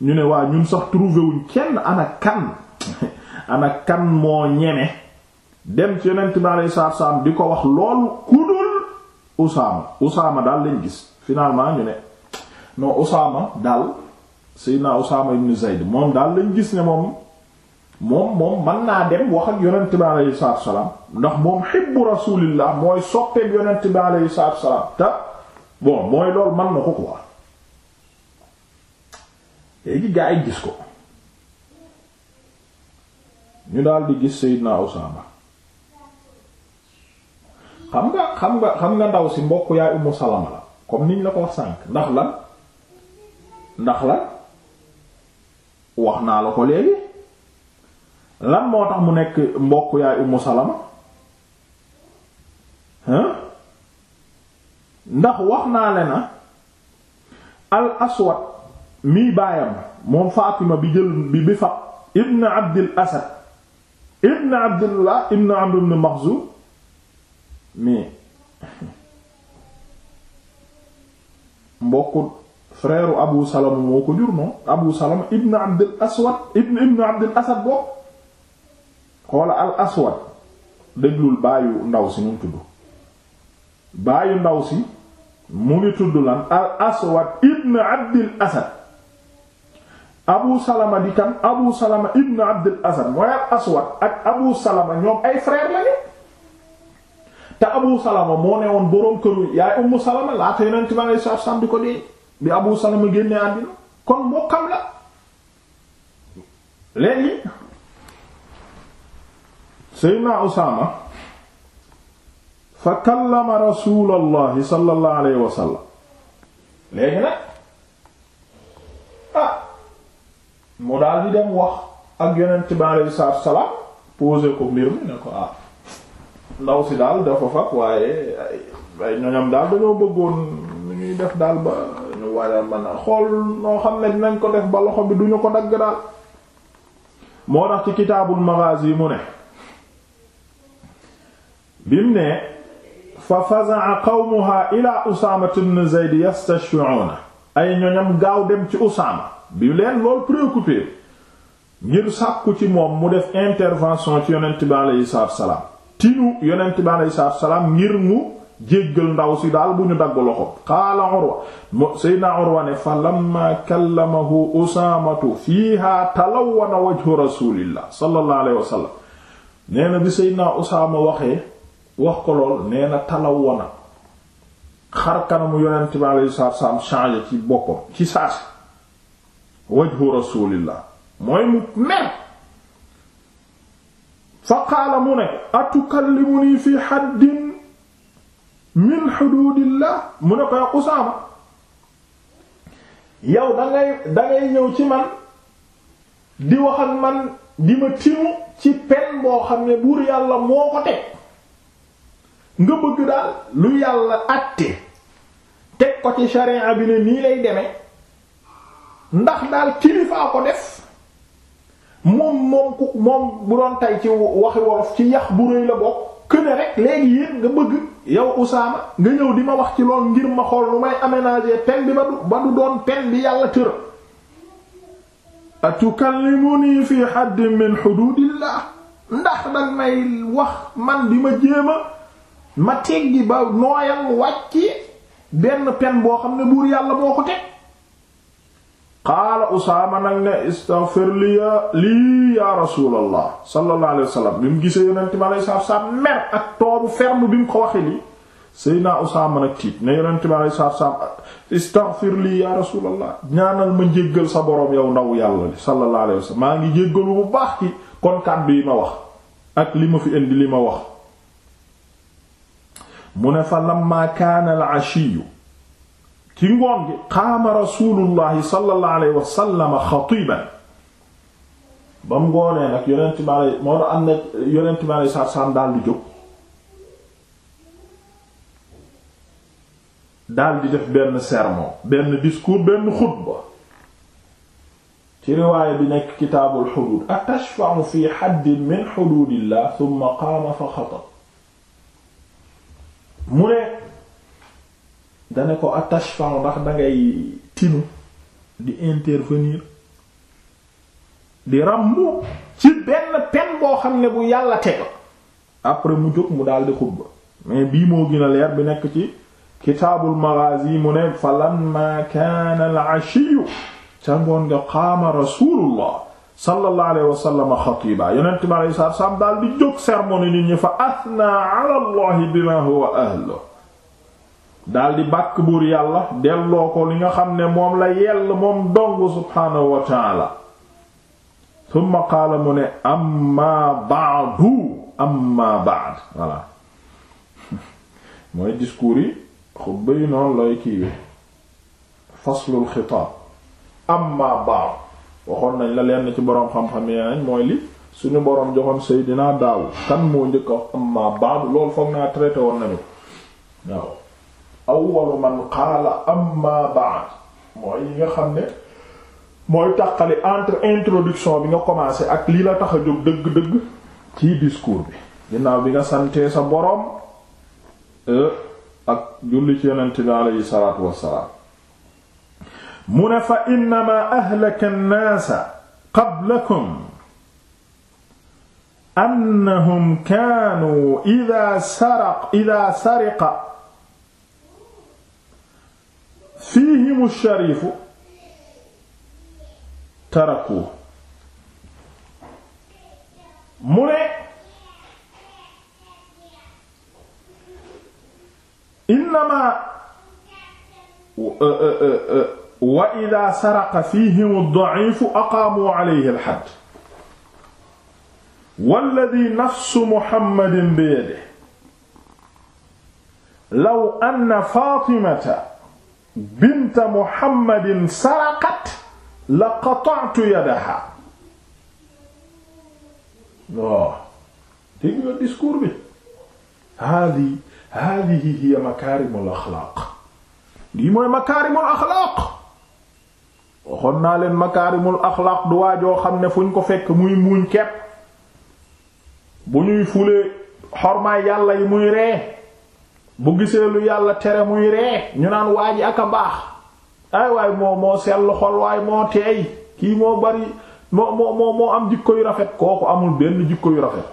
ñu ne waa ñun sax trouvé wuñ kenn ana kan ana kan moo ñeme dem ci yonent bi alayhi salaatu wa di ko wax loolu kudul usaama usaama daal lañ gis finalement ñu ne non usaama daal sayyidina usaama ibn zayd moom daal lañ gis ne moom moom moom mën naa dem wax ak yonent bi aleyhi salaatu salaam ndax moom xibbu rasulillah mooy soppeeb yonent bi aleyhi salaatu salaam te bon mooy loolu mën na ko quoi léegi gaa yi gis ko ñu daal di gis Seydina Usaama xam nga xam nga xam nga ndaw si mbokk yaay Ummu Salama la comme niñ la ko wax sànk ndax lan ndax lan wax naa la ko léegi lan moo tax mu nekk mbokk yaay Ummu Salama hein ndax wax naa le na al aswad mii baayam moom Faatima bi jël bi bi fa ibn Abdil Asad ibn Abdullah ibn Amr ibn Makhzum mais mbokku Abu Salama moo ko jur noonu Abu Salama ibn Abdil Aswad ibn ibn Abdil Asad bokk xoola al aswad déglul baayu ndaw si mu ngi tudd baayu ndaw si mu ngi tudd lan al aswad ibn abdil asad abu salama di kan abu salama ibn abdil asad mooy al aswad ak abu salama ñoom ay frère lañu te abu salama moo ne woon boroom këru yaay ummu salama laata yonent bi alei satu salaam di ko dee bi abu salama génnee àddina kon mbokkam la léegi seydna usaama fa kallama rasulallahi sallallahu alayhi wa sallam léegi nag ah mu daal di dem wax ak yonent bi alayhi salaatu salaam posé ko mbir mi ne ko ah ndaw si daal dafa fag waaye ay ñoñam daal dañoo bëggoon ñuy def daal ba ñu waajal man a xool noo xam ne dinañ ko def ba loxo bi duñu ko dagg daal moo tax ci kitaabul maghazi mu ne bim ne fa faza'a qawmuha ila Usaama ibn Zayd yastashfi'una ay ñoñam gaaw dem ci Usaama bi leen lool préoccupé ngir sàkku ci moom mu def intervention ci yonent bi alayhi salaatu salaam tinu yonent bi alayhi ngir mu jéggal ndaw si daal bu ñu dagg loxo qaala Urwa sayyidina Urwa ne fa lamma kallamahu Usaamatu fiiha talawwana wajhu rasuulillah sallallahu alayhi nee na bi sayyidina Usaama waxee wax ko lool nee na talawwana xar kanamu yonent bi alayhi salaatu ci boppam ci saasi wajhu rasulillah mooy mu mer fa qaala mu ne atukallimuni fi haddin min hududillah mu ne ko ya yow da ngay ñëw ci man di wax man di ma timu ci pen boo xam ne buur yàlla moo ko teg nga bëgg daal lu yàlla àtte teg ko ci sharia bi ne nii lay demee ndax daal kilifaa ko def moom moom ku moom bu doon tay ci waxi wolof ci yax bu rëy la bokk këne rek léegi yéen nga bëgg yow Usaama nga ñëw di ma wax ci lool ngir ma xool lu may aménager pen bi ba du ba doon pen bi yàlla tër atukallimuni fi haddin min hududillah ndax danga may wax man di ma jéema ma teggi ba nooyal wàcci benn pen boo xam ne buur yàlla boo ko teg qaala usaama nag ne istaghfir li ya lii ya rasulallah sallallahu alayhi wa sallam bi mu gisee yonent bi alayhi salaatu salaam mer ak toobu ferme bi mu ko waxee lii Seydina Usaama nag tiit ne yonent bi alayhi salaatu salaam istaghfir ya rasulallah ñaanal ma jéggal sa borom yow ndaw yàlla li sallallahu alayhi wa sallam maa ngi jéggalu bu baax ci kon kàddu yi ma wax ak li ma fi indi li ma wax mu ne fa lamma kaana al-ashiyu ci ngoon gi qaama rasulullahi sallallahu alayhi wa sallam xatiban ba mu ngoonee nag yonent bi alay moo am na yonent bi alay saatu salaam daal di jóg daal di def benn sermon benn discours benn xutba ci riwaaya bi nekk kitaabul xuduud atashfa'u fi haddin min xuduudillah thumma qaama fa xataba mu ne dane ko attachefan ndax dangay tinu di intervenir di ràmmu ci benn pen boo xam ne bu yàlla teg après mu jóg mu daldi xutba mais bii moo gën leer bi nekk ci kitaabul maghazi mu ne fa lamma kaana al ashiyu ca ngoon nga qaama rasulullah sallallahu alayhi wa sallam xatiba yonent bi alayhi salaatu salaam daal di jóg sermoni nit ñi fa asnaa ala allahi bima huwa ahlu daal di bàkk buur yàlla delloo ko li nga xam ne moom la yell moom dong subhaanahu wa taala tumma qaala mu ne amma ba'du amma ba'd mooy discours yi xutba yi noonu lay kiiwe faslul xitaab amma ba'd waxoon nañ la lenn ci boroom xam-xam yee nañ mooy li suñu boroom joxoon dinaa Daawud kan moo njëkk a amma ba'du loolu foog naa traité woon nañu waaw awwalu man qaala amma ba'd mooy yi nga xam ne mooy taqali entre introduction bi nga commencé ak lii la tax a jóg dëgg-dëgg ci discours bi ginnaaw bi nga santee sa boroom euh, ak julli ci yonent bi alayhi salaatu wassalaam mu ne fa innama ahlaka annaasa qablakum annahum kaanuu idaa saraqa idaa sariqa fiihimu shariifu taraku mu ne innamaa uh, uh, uh, wa ida saraqa fihim ad-da'ifu aqaamu alayhi al-hadd walladi nafsu muhammadin biyadihi law anna faatimata binta muhammadin saraqat la qata'tu yadaha waaw oh, dégg nga discours bi hadi hadihi hiya makaarimul axlaaq lii mooy makaarimul axlaaq waxoon naa leen makaarimul axlaaq du waajoo xam ne fu ñu ko fekk muy muuñ kepp bu ñuy fulee xormaay yàlla yi muy ree bu gisee lu yàlla tere muy ree ñu naan waa ji ak a baax ay waay moo moo sell xol moo teey kii moo bari moo moo moo am jikko yu rafet kooku amul benn jikko yu rafet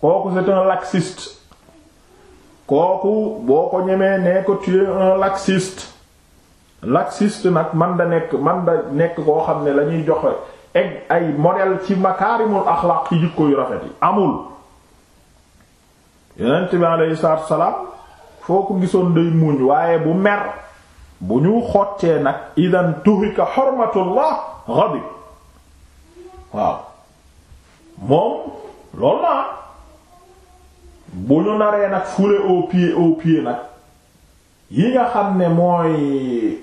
kooku c'est un kooku boo ko ñemee nee ko tu laxiste nag man da nekk man da nekk koo xam ne lañuy ñuy joxe egg ay modèle ci makaarimul axlaaq ci jikko yu rafet yi amul yonent bi alayhi salaatu foo ko gisoon day muuñ waaye bu mer bu ñu xottee nag idan tuhika xormatullah ghadib waaw moom loolu naa bu ñu naree nag foulé au pied nag yi nga xam ne mooy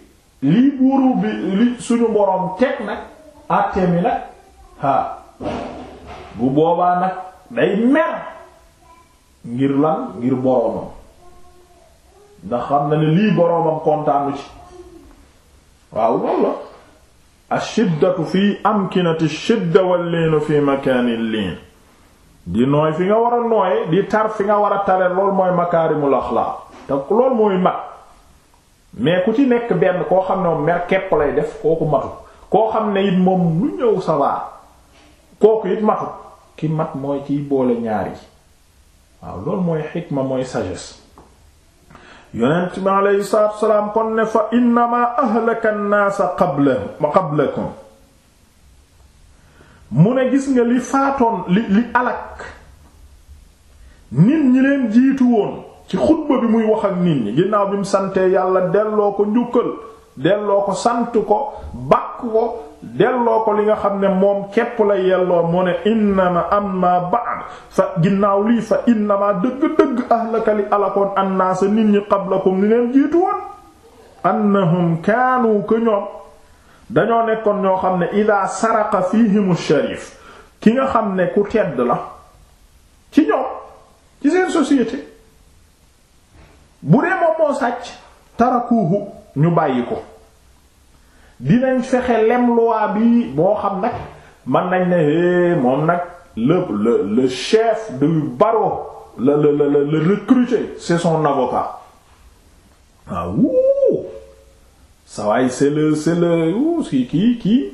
lii buuru bi li suñu boroom teg nag àttee mi nag ha bu boobaa nag day mer ngir lan ngir boroomam ndax xam na ne lii boroomam kontaanu ci waaw loolu la ashiddatu fi amkinati shidda wal liinu fi makaanil liin di nooy fi nga war a nooye di tar fi nga war a tare lool mooy makaarimul axlaaq te loolu mooy mag mais ku ci nekk benn koo xam ne moom mer képp lay def kooku matu koo xam ne it moom lu ñëw sa waa kooku it matu ki mat mooy ciy boole ñaar yi waaw loolu mooy xikma mooy sagesse yonent bi aleyhi salaatu wasalaam kon mu ne gis nga li faatoon li li alak nit ñi leen jiitu woon ci xutba bi muy wax ak nit ñi ginnaaw bi mu santee yàlla delloo ko njukkal delloo ko sant ko bàkk ko delloo ko li nga xam ne moom képp la yelloo mu ne innama amma ba'd fa ginnaaw lii fa innama dëgg-dëgg ahlaka li alakoon nit ñi qablakum ni leen jiitu woon annahum kaanu ko ñoom dañoo nekkoon ñoo xam ne ilaa saraqa fihimu sharif ki nga xam ne ku tedd la ci ñoom ci seen société bu dee moom moo sàcc tarakuuhu ñu bàyyi ko dinañ fexe lem loi bi moo xam nag mën nañ ne é eh, moom nag le le le chef du barreau la la la le recruté c'est avocat waaw ah, wuu sa waay c'est si kii kii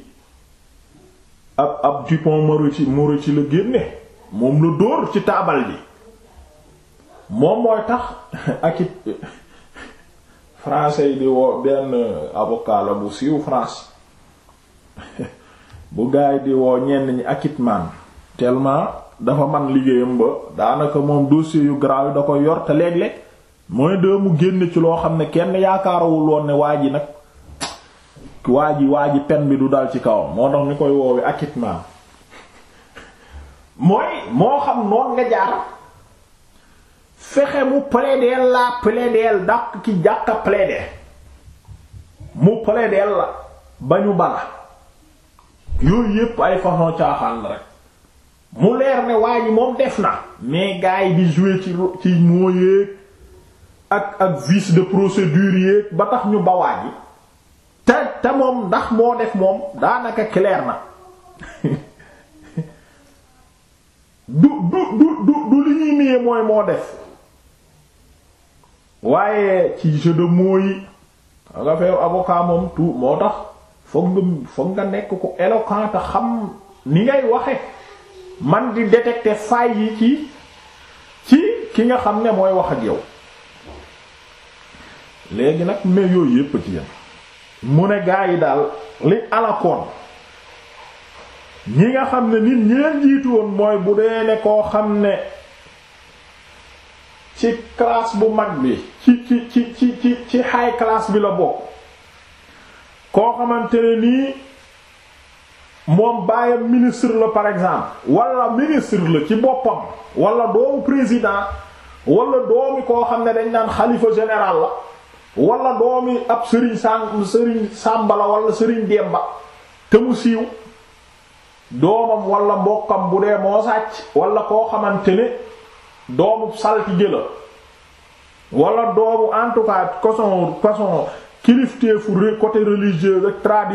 ab ab Dupont Moretti ci la génne moom la dóor ci taabal ji moom mooy tax ak it français yi di woo benn avocat bu siiw France bu gaay di woo ñenn ñi acquittement tellement dafa man liggéeyam ba daanaka moom dossier yu grave yi da koy yor te léeg-léeg mooy de génn ci loo xam ne kenn yaakaarawul woon ne waa ji nag waa ji waa ji pen bi du dal ci kawam moo tax ñu koy woowee acquittement mooy moo xam noon nga jaar. fexe mu plaideel la plaideel dàq ki jàkka plaideel mu plaideel la ba ñu bala yooyu yépp ay façon caaxaan rek mu leer ne waa ji moom def na mais gars yi di jouer ci ci ak ak vice de procédure yéeg ba tax ñu ba waa ji te te moom ndax moo def moom daanaka clair na du du du du li ñuy niye mooy moo def waaye ci jeu de mots yi nga fee avocat moom moo tax foog nga nekk ko éloquent te xam ni ngay waxe man di détecter failles yi ci ci ki nga xam ne mooy wax ak yow léegi nag mais yooyu yépp ci yam mu ne gaa yi daal li alakoon ñi nga xam ne nit ñeen jiitu mooy bu dee ne koo xam ne ci classe bu mag bi ci ci ci ci ci ci class bi la bokk koo xamante ne nii moom baayam ministre la par exemple walla ministre la ci boppam wala doomu président wala doomi koo xam ne dañ naan xalifa général la wala doomi ab sëriñ sàn sëriñ sàmba la wala sëriñ demba te mu siiw doomam walla mbokkam bu dee moo sàcc wala koo xamante ne doomu saltige la wala doomu en tout cas façon façon kilifteefu côté religieux ak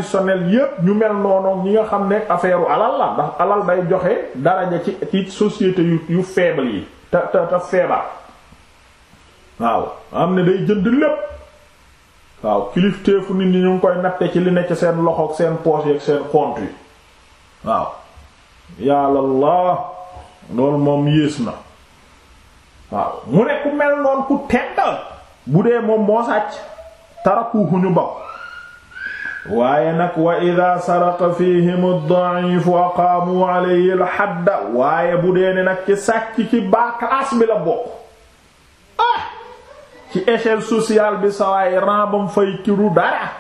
yépp ñu mel noonu ñi nga xam ne affaire alal la ndax alal day joxe daraja ci ci société yu yu yi te te feebar waaw am ne day jënd lépp waaw kilifteefu nit ñu ngi koy natte ci li nekk seen loxo ak seen poche ak seen compte yi waaw yàlla la loolu moom yées na waaw mu ne ku mel noon ku tedd bu dee moom moo sàcc tarakuhu ñu ba waaye nag wa ida saraqa fihim ad-da'if aqaamu alayhi al-hadd waaye bu dee ne nag ci sàcc ci baa classe bi la bokk ah ci échelle sociale bi sawaay rambam fay kiru dara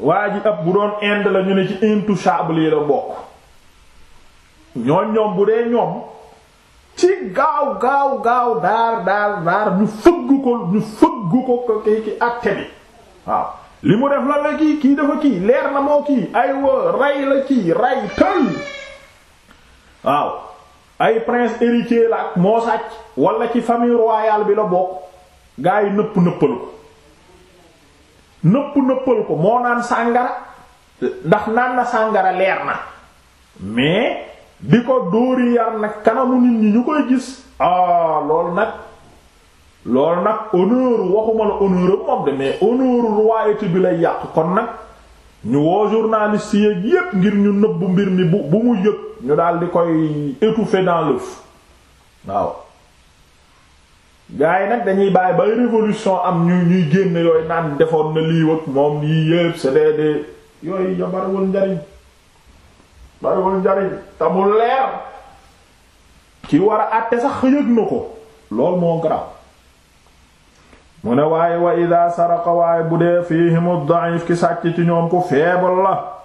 waa ji ab bu doon ind la ñu ne ci intouchable yi la bokk ñoom ñoom bu dee ñoom ci gaaw gaaw gaaw daar daar daar ñu fëgg ko ñu fëgg ko ko kii ci àtte bi waaw li mu def lan la kii kii dafa kii leer na moo kii ay wa rey la kii rey tël waaw ay prince héritier la ak moo sàcc wala ci famille royale bi la bokk gaa yi nëpp nëppal ko nëpp nëppal ko moo naan sàngara ndax naan na sàngara leer na mais di ko dóori yar nag kanamu nit ñi ñu koy gis ah loolu nag loolu nag honneur waxuma la honneur am moom de mais honneur royauté bi lay yàq kon nag ñu woo journaliste yeeg yëpp ngir ñu nëbb mbir mi bu bu mu yëg ñu daldi di koy étouffer dans l'œuf waaw gars nag dañuy bàyyi bay révolution am ñu ñuy génn yooyu naan defoon na lii wëg moom yii yépp c'est des yooyu yabarwul njariñ bariwul njariñ te mu leer ki war a àtte sax xëyëg na ko lool moo garaaw mu ne waaye wa ida saraqa waaye bu dee fihimu da'if ci ñoom ku la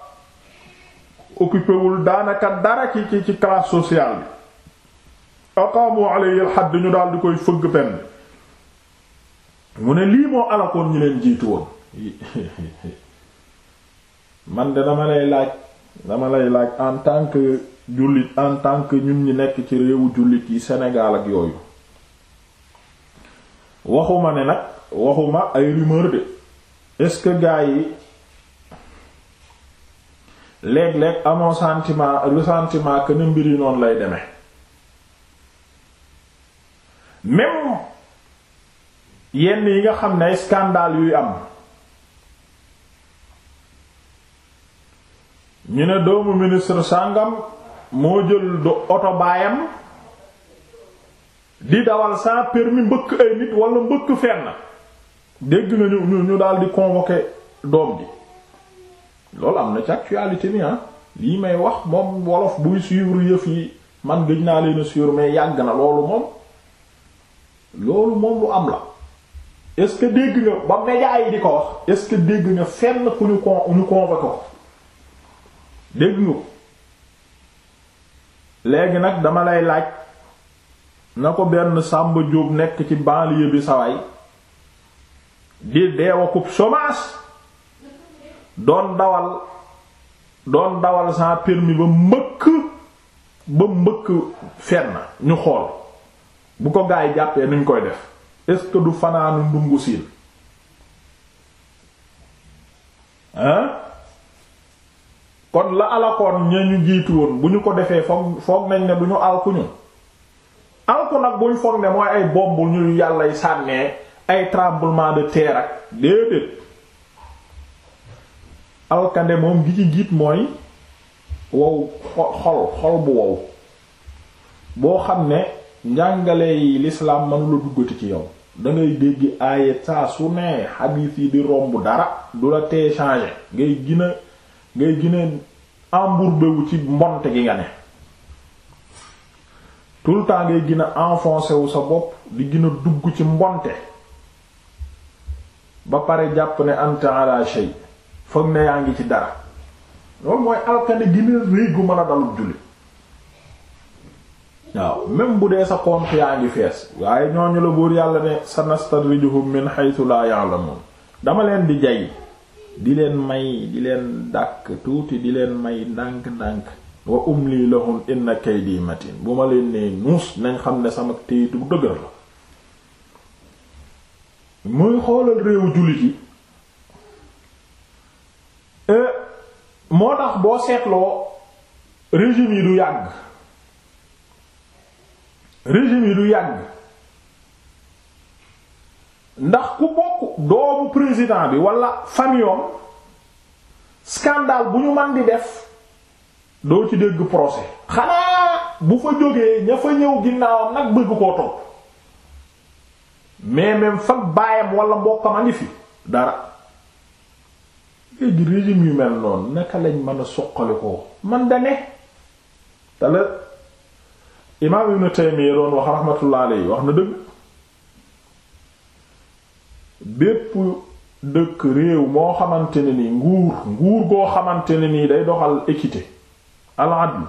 occupé wul daanaka dara ci ci ci classe sociale bi aqaamu alayhi al-hadd ñu daal di koy fëgg pen mu ne lii moo alakoon ñu leen jiitu woon man de dama lay laaj dama lay laaj en tant que jullit en tant que ñun ñi nekk ci réewu jullit yi senegaal ak yooyu waxuma ne nag waxuma ay rumeur de est-ce que gars yi léeg-léeg amoo sentiment ressentiment que ne mbir yi noonu lay deme même yenn yi nga xam ne ay scandale yuy am. ñu ne doomu ministre sàngam moo jël do oto baayam di dawal sans permis mbëkk ay nit wala mbëkk fenn dégg nga ñu ñu ñu daal di convoquer doom bi loolu am na ci actualité ni ah lii may wax moom wolof buy suivre yëf yi man gëj naa leen suivre mais yàgg na loolu moom loolu moom lu am la est-ce que dégg nga ba médias yi di ko wax est-ce que dégg nga fenn ku ñu con ko. dégg nga léegi nag dama lay laaj na ko benn Samba Diop nekk ci banlieue bi saway di deewakub chômage doon dawal doon dawal sa permis ba mbëkk ba mbëkk fenn ñu xool bu ko gaay jàppee nuñ koy def est du fanaanu ndungu siin hein kon la alakoon ña ñu jiitu woon bu ñu ko defee foog foog nañ ne du ñu alku ñu alku nag buñ foog ne mooy ay bomb ñu yàllay sànnee ay tremblement de terre ak déedéet alkande moom gi ci jiit mooy wow xol xol bu wow boo xam ne njàngale yi lislaam mënu la duggati ci yow dangay ngay dégg aaya saa su ne xadiis yi di romb dara du la tee changer ngay gina ngay gëneen embourbé wu ci mbonte gi nga ne tout le temps ngay gina a enfoncé wu sa bopp di gina dugg ci mbonte ba pare jàpp ne anta ala shay foog ne yaa ngi ci dara loolu mooy alkane gën a gu mën a dalul jullit waaw même bu dee sa compte yaa ngi fees waaye ñoo ñooñu la buur yàlla ne sanastadrijuhum min haythu la ya'lamun dama leen di jay di leen may di leen dàkk tuuti di leen may ndànk-ndànk wa umli lahum inna kaydi matin bu ma leen nee nuus nañ xam ne sama téy du dëgër la muy xoolal réew jullit yi e, moo tax boo seetloo régime yi du yàgg régime yi du yàgg ndax ku bokk doomu président bi wala famillom scandale bu ñu man di def doo ci dégg procès xanaa bu fa jógee ña fa ñëw ginnaawam nag bëgg koo topp mais même fag baayam walla mbokkam a ngi fi dara léegi régime yu mel noonu naka lañ mën a soqali ko man da ne te la imaam Ibn Taymiyya doon wax rahmatullah alayhi wax na dëgg bépp dëkk réew moo xamante ne ni nguur nguur goo xamante ne nii day doxal équité al adl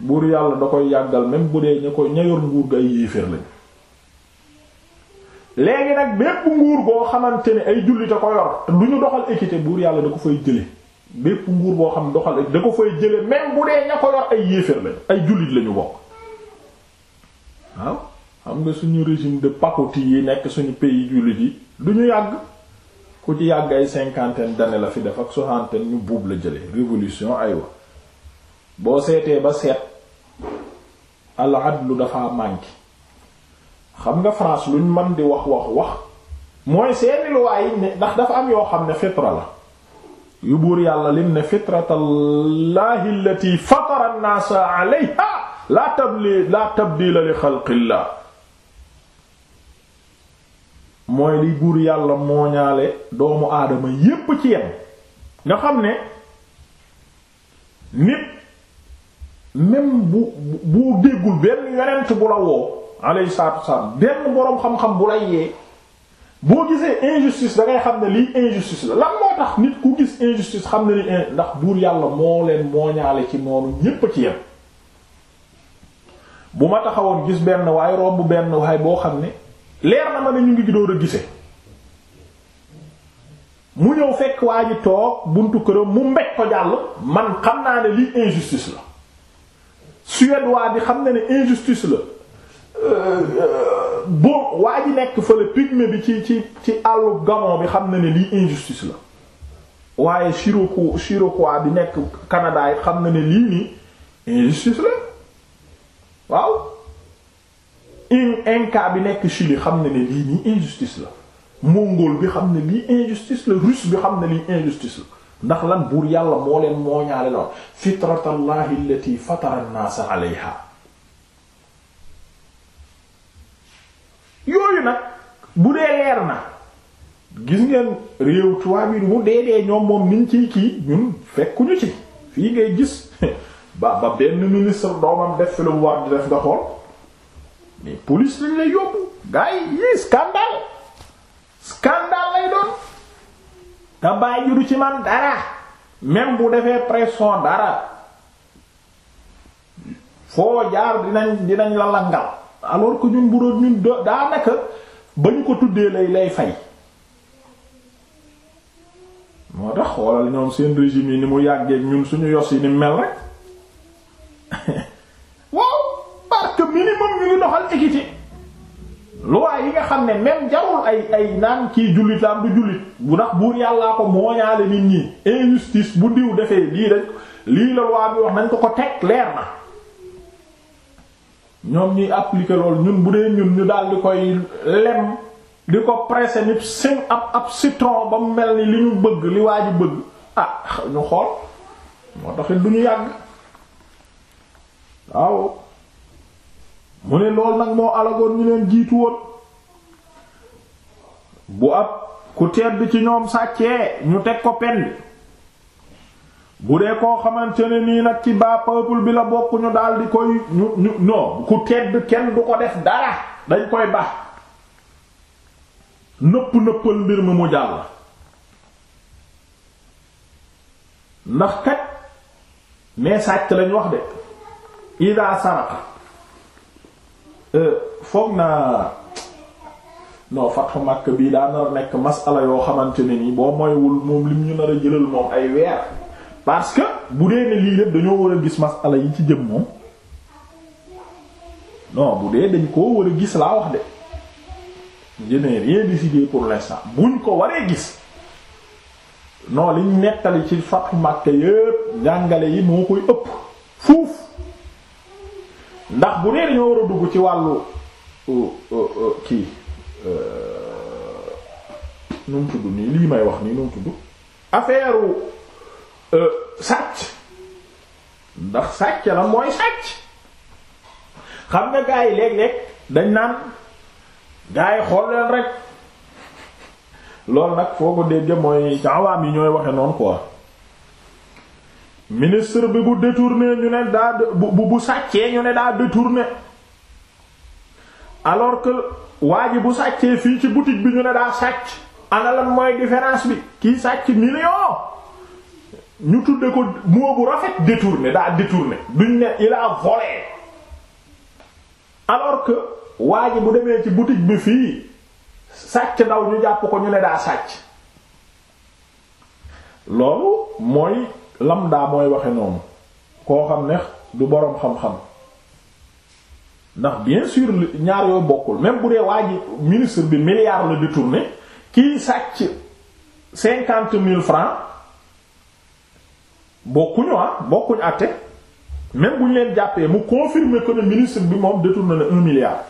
buur yàlla da koy yàggal même bu dee ña koy ña yor nguur ga ay yéeféer lañ léegi nag bépp nguur goo xamante ne ay jullit a ko yor du ñu doxal équité buur yàlla da ko fay jële bépp nguur goo xam doxal da ko fay jële même bu dee ña ko yor ay yéeféer lañ ay jullit lañu bokk xam nga suñu régime de pacotille yi nekk suñu pays jullit yi du ñu yàgg ku ci yàgg ay cinquantaine d'années la fi def ak soixantaine ñu buub la jële révolution aywa boo seetee ba seet al lu dafa manqué xam nga France luñ man di wax wax wax mooy seeni luwaay yi ne ndax dafa am yoo xam ne fitra la yu buur yàlla lim ne fitratallahi allati fatara an-nasa alayha tabli la tabdila li mooy li buur yàlla mooñaale doomu aadama yépp ci yem nga xam ne nit même bu bu déggul benn yonent bu la woo alayhi salaatu wasalaam benn boroom xam-xam bu lay yee boo gisee injustice da ngay xam ne lii injustice la lan moo tax nit ku gis injustice xam ne ni eh, ndax buur yàlla moo leen mooñaale ci noonu ñépp ci yem bu ma taxawoon gis benn waaye romb benn waaye boo xam ne leer na ma ne ñu ngi door a gise mu ñëw fekk waa ji toog buntu këram mu mbéj ko jàll man xam naa ne lii injustice la suédois bi xam na ne injustice la euh, euh, bon waa ji nekk fële pygmée bi ci ci ci àllu Gabon bi xam na ne lii injustice la waaye Chirocou Chirocouas bi nekk Canada xam na ne lii nii injustice la waaw inca bi nekk Chili xam ne ne lii nii injustice la mongol bi xam ne lii injustice la russe bi xam ne lii injustice la ndax lan buur yàlla moo leen moo ñaale loon fitratallahi allati fatara an-naasa alayha yooyu nag bu dee leer na gis ngeen réew tubaab yi mu dee dee ñoom moom niñ ciy kii ñun fekkuñu ci fii ngay gis ba ba benn ministre doomam def fi war di def nga xool mais police lañ lay yóbbu gars yi yii scandale lay doon te bàyyi du ci man dara même bu defee pression dara foo jaar dinañ dinañ la langal alors que bu doon ñun daanaka ba ñu ko tuddee lay lay fay moo tax xoolal ñoom seen régime yi ni mu yàggee ñun suñu yos yi ni mel rek parce que minimum ñu ngi doxal équité loi yi nga xam ne même jarul ay ay naan kii jullit la am jullit bu ndax buur yàllaa ko mooñaale nit ñi injustice bu diw defee lii dañ lii la loi bi wax nañ ko ko teg leer na ñoom ñuy appliquer loolu ñun bu dee ñun ñu daal di koy lem di ko presser nit seen ab ab citron ba mu mel ni li ñu bëgg li waa ji bëgg ah ñu xool moo taxit du ñu yàgg waaw mu ne lool nag moo alagoon ñu leen jiitu woon bu ab ku tedd ci ñoom sàccee ñu teg ko pen bi bu dee koo xamante ne nii nag ci baa peuple bi la bokk ñu daal di koy ñu ñu non ku tedd kenn du ko def dara dañ koy baax nëpp nëppal mbir mi mu jàll ndax kat mais sàcc lañ wax de ida saraka Euh, foog naa no fatxu Makka bii daa nar a nekk masala yoo xamante ne nii boo moywul moom lim ñu nar a jëlal moom ay weer parce que bu dee ne lii lépp dañoo war a gis masala yi ci jëm moom non bu dee dañ koo war a gis laa wax de je n'ai rien décidé pour l'instant buñ ko waree gis non liñ nettali ci fatxu Makka yépp njàngale yi moo koy ëpp fuuf ndax bu dee dañoo war a dugg ci wàllu euh, euh, euh, kii nu mu tudd nii lii may wax nii nu mu tudd sàcc ndax sàcc la mooy sàcc xam nga gaa yi léeg-léeg dañ naan gaa yi xool leen rek loolu nag foo ko dégg mooy ci yi ñooy waxe noonu quoi ministre bi bu détourné ñu ne daa bu bu sàccee ñu ne daa détourné alors que waa bu sàccee fii ci boutique bi ñu ne daa sàcc ana lan mooy différence bi kii sàcc million ñu tudde ko moo bu rafet détourné daa détourné duñ ne il a volé alors que waa bu demee ci boutique bi fii sàcc ndaw ñu jàpp ko ñu ne daa sàcc loolu mooy lamdaa mooy waxe noonu koo xam ne du boroom xam-xam ndax bien sûr ñaar yooyu bokkul même bu dee waa ministre bi milliard la détourné kii sàcc cinquante mille francs bokkuñu ah bokkuñu àtte même bu ñu leen jàppee mu confirmer que ne ministre bi moom détourné la un milliard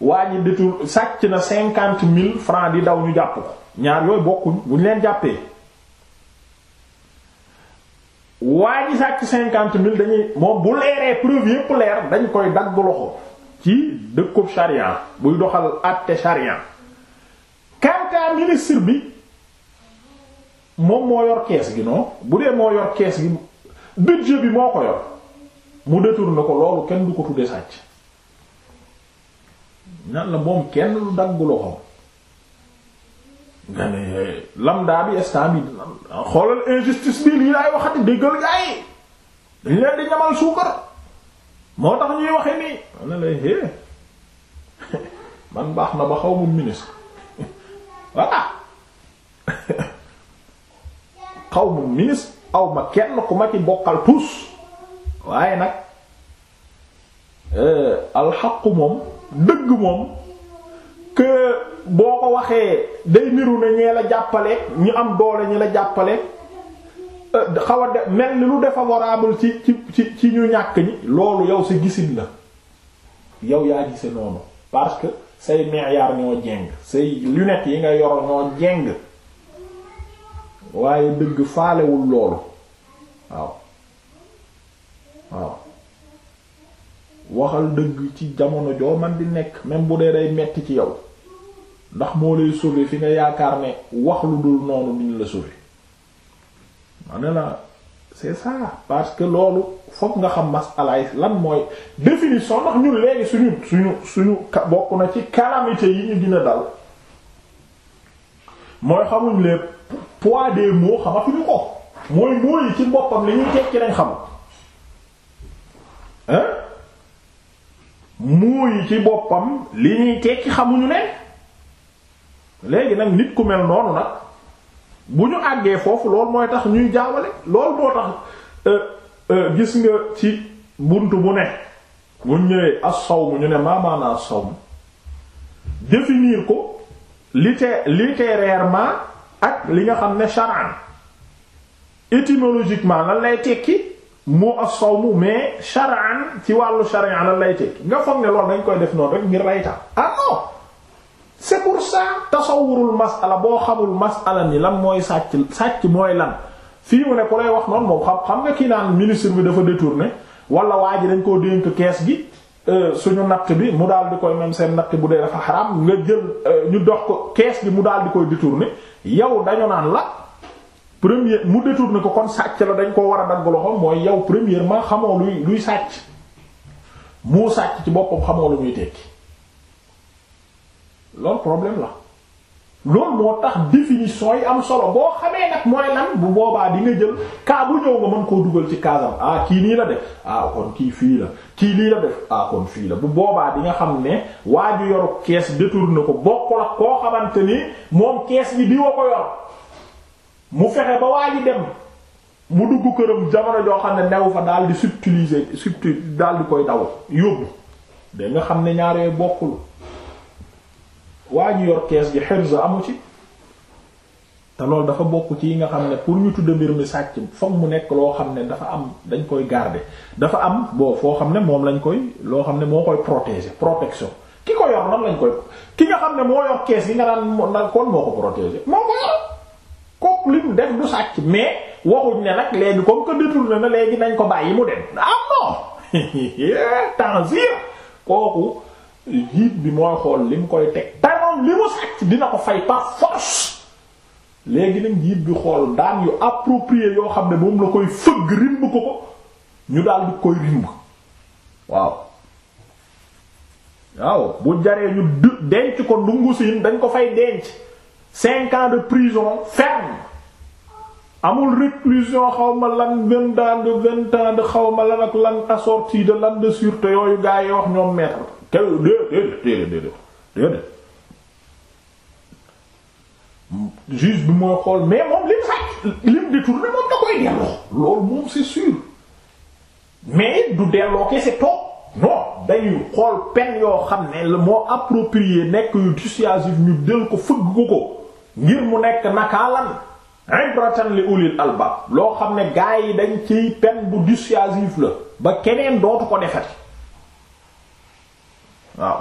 waa ji sàcc na cinquante mille francs di daw ñu jàpp ko ñaar yooyu bokkuñ bu ñu leen jàppee. waa ji sàcc cinquante mille dañuy moom bu leeree preuve yépp leer dañu koy dagg loxo ci dëkkub sharia buy doxal àtte sharia kantaa ministre bi moom moo yor kees gi non bu dee moo yor kees gi budget bi moo ko yor mu détourné ko loolu kenn du ko tudde sàcc nan la moom kenn du dagg loxo nga ne lambda bi instant bi xoolal injustice bi lii laay waxati déggal gaa yi dañ leen di ñamal suukar moo tax ñuy waxe nii man na lay hé man baax na ba xaw mu ministre mu ministre aw ma kenn ku ma ci boqal tuus waaye nag euh, alxaqu moom dëgg moom que boo ko waxee day niru ne ñee la jàppale ñu am doole ñi la jàppale euh, xaw a de mel ni lu défavorable ci ci ci ñu ñàkk ñi loolu yow si gisit la yow yaa gise noonu parce que say meeyaar ñoo jeng say lunettes yi nga yoro ñoo jeng waaye dëgg faalewul loolu waaw waxal dëgg ci jamono joo man di nekk même bu dee day metti ci yow ndax moo lay sauver fi nga yaakaar ne wax lu dul noonu duñ la sauver ma ne la c'est ça parce que loolu fokk nga xam masalaay lan mooy définition ndax ñun léegi suñu suñu suñu bokk na ci calamité yi ñu dina dal mooy xamuñ le poids des mots xamatuñu ko mooy mots ci boppam li ñuy tekki lañ xamul hein mots ci boppam li ñuy tekki xamuñu ne léegi nag nit ku mel noonu nag bu ñu àggee foofu loolu mooy tax ñuy jaawale loolu moo tax euh, euh, gis nga ci bunt bu ne bu ñëwee as mu ñu ne maamaana as-sawm définir ko litté littérairement ak li nga xam ne charan étymologiquement lan lay tekki moo as mu mais charan ci wàllu charia lan lay tekki nga foog ne loolu dañ koy def noonu rek ngir rayta ah c'est pour ça tasawurul masala boo xamul mas ala ni lan mooy sàcc sàcc mooy lan fii mu ne ku lay wax noonu moom xam xam nga kii naan ministre bi dafa détourné wala waa ji dañ koo dénk kees gi euh, suñu natt bi mu daal di koy même seen natt bu dee dafa xaram nga jël euh, ñu dox ko kees gi mu daal di koy détourné yow dañu naan la premier mu détourné ko kon sàcc la dañ koo war a dagg loxo mooy yow premièrement xamoo luy luy sàcc moo sàcc ci boppam xamoo lu muy loolu problème la loolu moo tax définition yi am solo boo xamee nag mooy lan bu boobaa di nga jël kaa bu ñëw nga mën koo dugal ci kaasam ah kii nii la def ah kon kii fii la kii lii la def ah kon fii la bu boobaa di nga xam ne waa ju yoru kees na ko bokkul ak koo xamante ni moom kees bi di wa ko yor mu fexe ba waa dem mu dugg këram jamono joo xam ne new fa daal di subtiliser subtil daal di koy daw yóbbu da nga xam ne ñaar bokkul. waa ji yor kees gi xirsa amu ci te loolu dafa bokk ci yi nga xam ne pour ñu tudd mbir mi sàcc foog mu nekk loo xam ne dafa am dañ koy garder dafa am boo foo xam ne moom lañ koy loo xam ne moo koy protéger protection ki ko lañ koy ki nga xam moo kees gi nga naan nan kon moo ko protéger moo ko yor kooku lim def du sàcc mais waxuñ ne nag léegi comme que détourné na léegi nañ ko bàyyi mu dem ah non tanzir kooku jiit bi mooy xool li mu koy teg tey moom li mu sàcc dina ko fay par force léegi nag jiit bi xool daan yu approprié yoo xam ne moom la koy fëgg rimb ko ko ñu daal di koy rimb waaw waaw bu jaree ñu denc ko dungu siin dañ ko fay denc cinquant ans de prison ferme amul réclusion xawma lan vingt ans de vingt ans de xawma lan ak lan assorti de lan de sûreté yooyu gaa yi wax ñoom maître teew déedéet déedéet déedéet déedéet juge bi mooy xool mais moom lim sax lim détourné moom da koy delloo loolu moom c'est sûr mais du delloo kese toog non day xool peine yoo xam ne la moo approprié nekk yu dissuasif ñu del ko fëgg ko ngir mu nekk nakaalan ibratan li ulil albab loo xam ne gaa yi dañ ciy peine bu dissuasif la ba keneen dootu ko defati waaw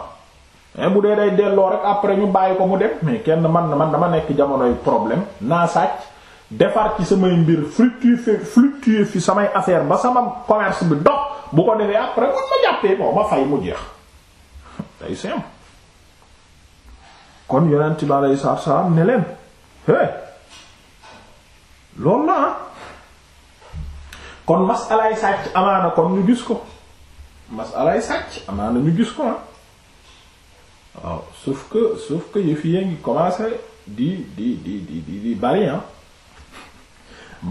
mais eh, bu dee day delloo rek après ñu bàyyi ko mu dem mais kenn man na man dama nekk jamonoy problème naa sàcc defar ci samay mbir fluctuer fluctuer fi samay affaire ba sama commerce bi dox bu ko defee après man ma jàppee bon ma fay mu jeex day simple kon yonent bi aleyhi salaatu salaam ne leen é loolu la ah. kon masalaay sàcc amaana kon ñu gis ko masalaay sàcc amaana ñu gis ko ah waaw suuf que suuf que yëf yi ngi commencé di di di di di di bari hein ah.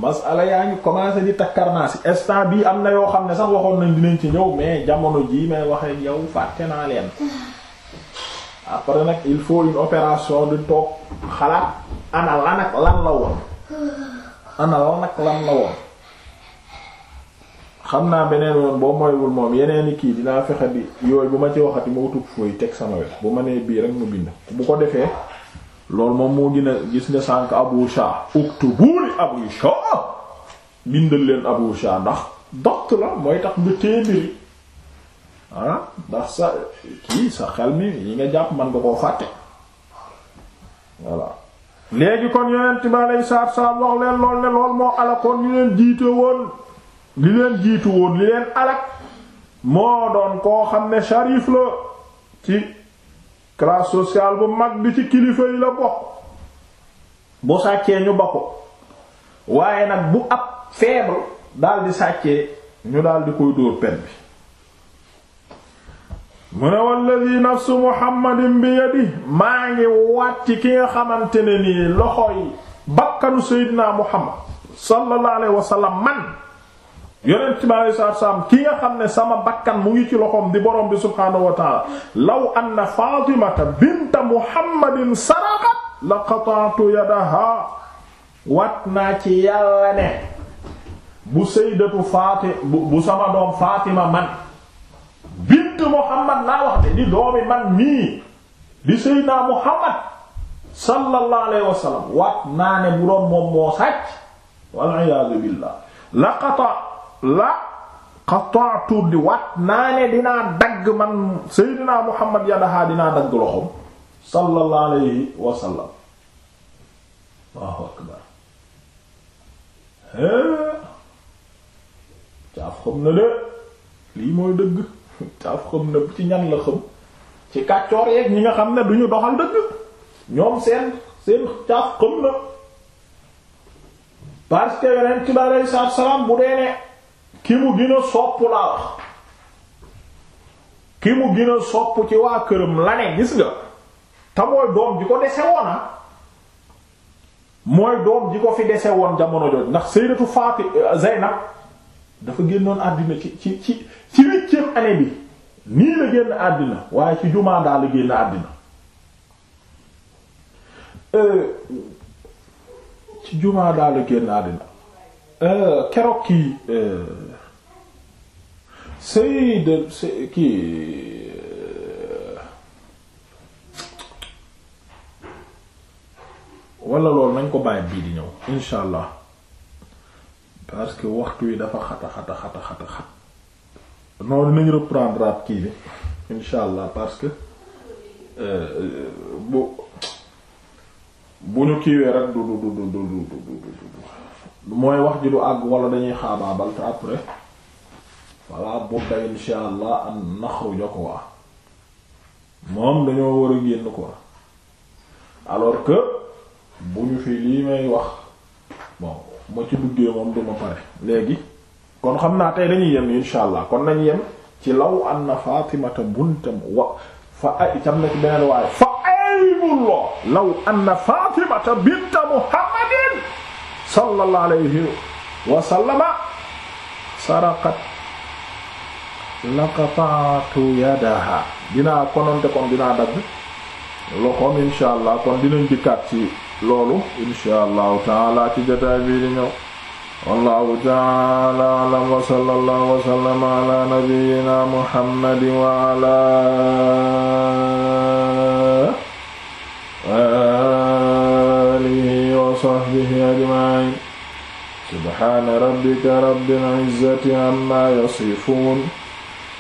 masala yaa ngi commencé di takkarnaa si instant bii am na yoo xam ne sax waxoon nañ dinañ ci ñëw mais jamono ji mais waxee yow fàtte naa leen après nag il faut une opération de toog xalaat ana lan ak lan la woon ana lan ak lan la woon xam naa beneen woon boo moywul moom yeneeni kii dinaa fexe bi yooyu bu ma ci waxati ma utub fooy teg sama wet bu ma nee bii rek mu bind bu ko defee loolu moom moo gën a gis nga sànk Abu Shah uktubuuni Abu Shah bindal leen Abu Shah ndax dox la mooy tax nga téebiri ah ndax sa kii sa xel mi yi nga jàpp man nga koo fàtte voilà léegi kon yonent bi aleyhi salaatu wa salaam wax leen lool ne lool moo alakoon ñu leen jiite li leen jiitu woon li leen alak moo doon koo xam ne sharif la ci classe sociale bu mag bi ci kilifa yi la bokk bu sàccee ñu ba ko waaye nag bu ab faible daldi sàccee ñu daldi koy dóor pen bi mu ne walladi nafsu muhammadin bi maa ngi waat ci ki nga xamante ni loxo yi bakkanu seydinaa muhammad sallallahu alayhi man yonent bi alayhi salaam ki nga xam ne sama bakkan mu ngi ci loxoom di borom bi subhaanahu wa law anna Faatimata binta Muhammadin saraqat la qata'tu yadaha wat naa ci yàlla ne bu sayyidatu Faatima bu sama doom Faatima man bint Muhammad laa wax di doomi man mii di sayyidina Muhammad sallallahu alayhi wa sallam ne bu doon moom moo sàcc wal billah laqata la qata'tu di wat naa ne dinaa dagg man seydinaa muhammad yadahaa dinaa dagg loxoom sallallahu alayhi wa sallam allahu caaf xam na de lii mooy dëgg caaf xam na ci ñan la xam ci kàccoor yeeg ñi nga xam ne duñu doxal dëgg ñoom seen seen caaf xam na parce que yeneen ci ba aleyhi salaam bu dee ne ki mu gën a sopp laa ki mu gën sopp ci waa këram la gis nga te mooy doom ji ko dese woon ah. mooy doom ji ko fi dese woon jamono jooju ndax sayyidatu Faati euh, Zaynab dafa génnoon àddina ci ci ci ci huitième année bi nii la génn àddina waaye ci jumaa daal la génn àddina euh, ci jumaa daal la génn àddina euh, keroog kii sayyid kii wala lool nañ ko bàyyi bii di ñëw insha allah parce que waxtu wi dafa xata xata xata xat noonu nañ reprendre at kii bi insha allah parce que bu bu ñu kiiwee rek du du du du du du du mooy wax ji du àgg wala dañuy xaabaabal te après wala budda insha allah an naxruja quoi moom dañoo war a génn ko alors que bu ñu fi lii may wax bon ma ci duggee moom duma pare léegi kon xam naa tey dañuy yem insha allah kon nañu yem ci law anna fatimata buntam wa fa ci beneen waaye fa aybullah law anna fatimata binta muhammadin sallallahu alayhi wa laqata'tu yadaha dinaa kononte kon dinaa dagg loxoom insha allah kon dinañ dikkaat ci loolu insha allahu taala ci jotaay bii di ñëw wallahu taala alam wa sallallahu wa sallama ala nabiyyina muhammadin wa ala alihi wa sahbihi ajma'in subhana rabbika rabbil izzati amma yasifun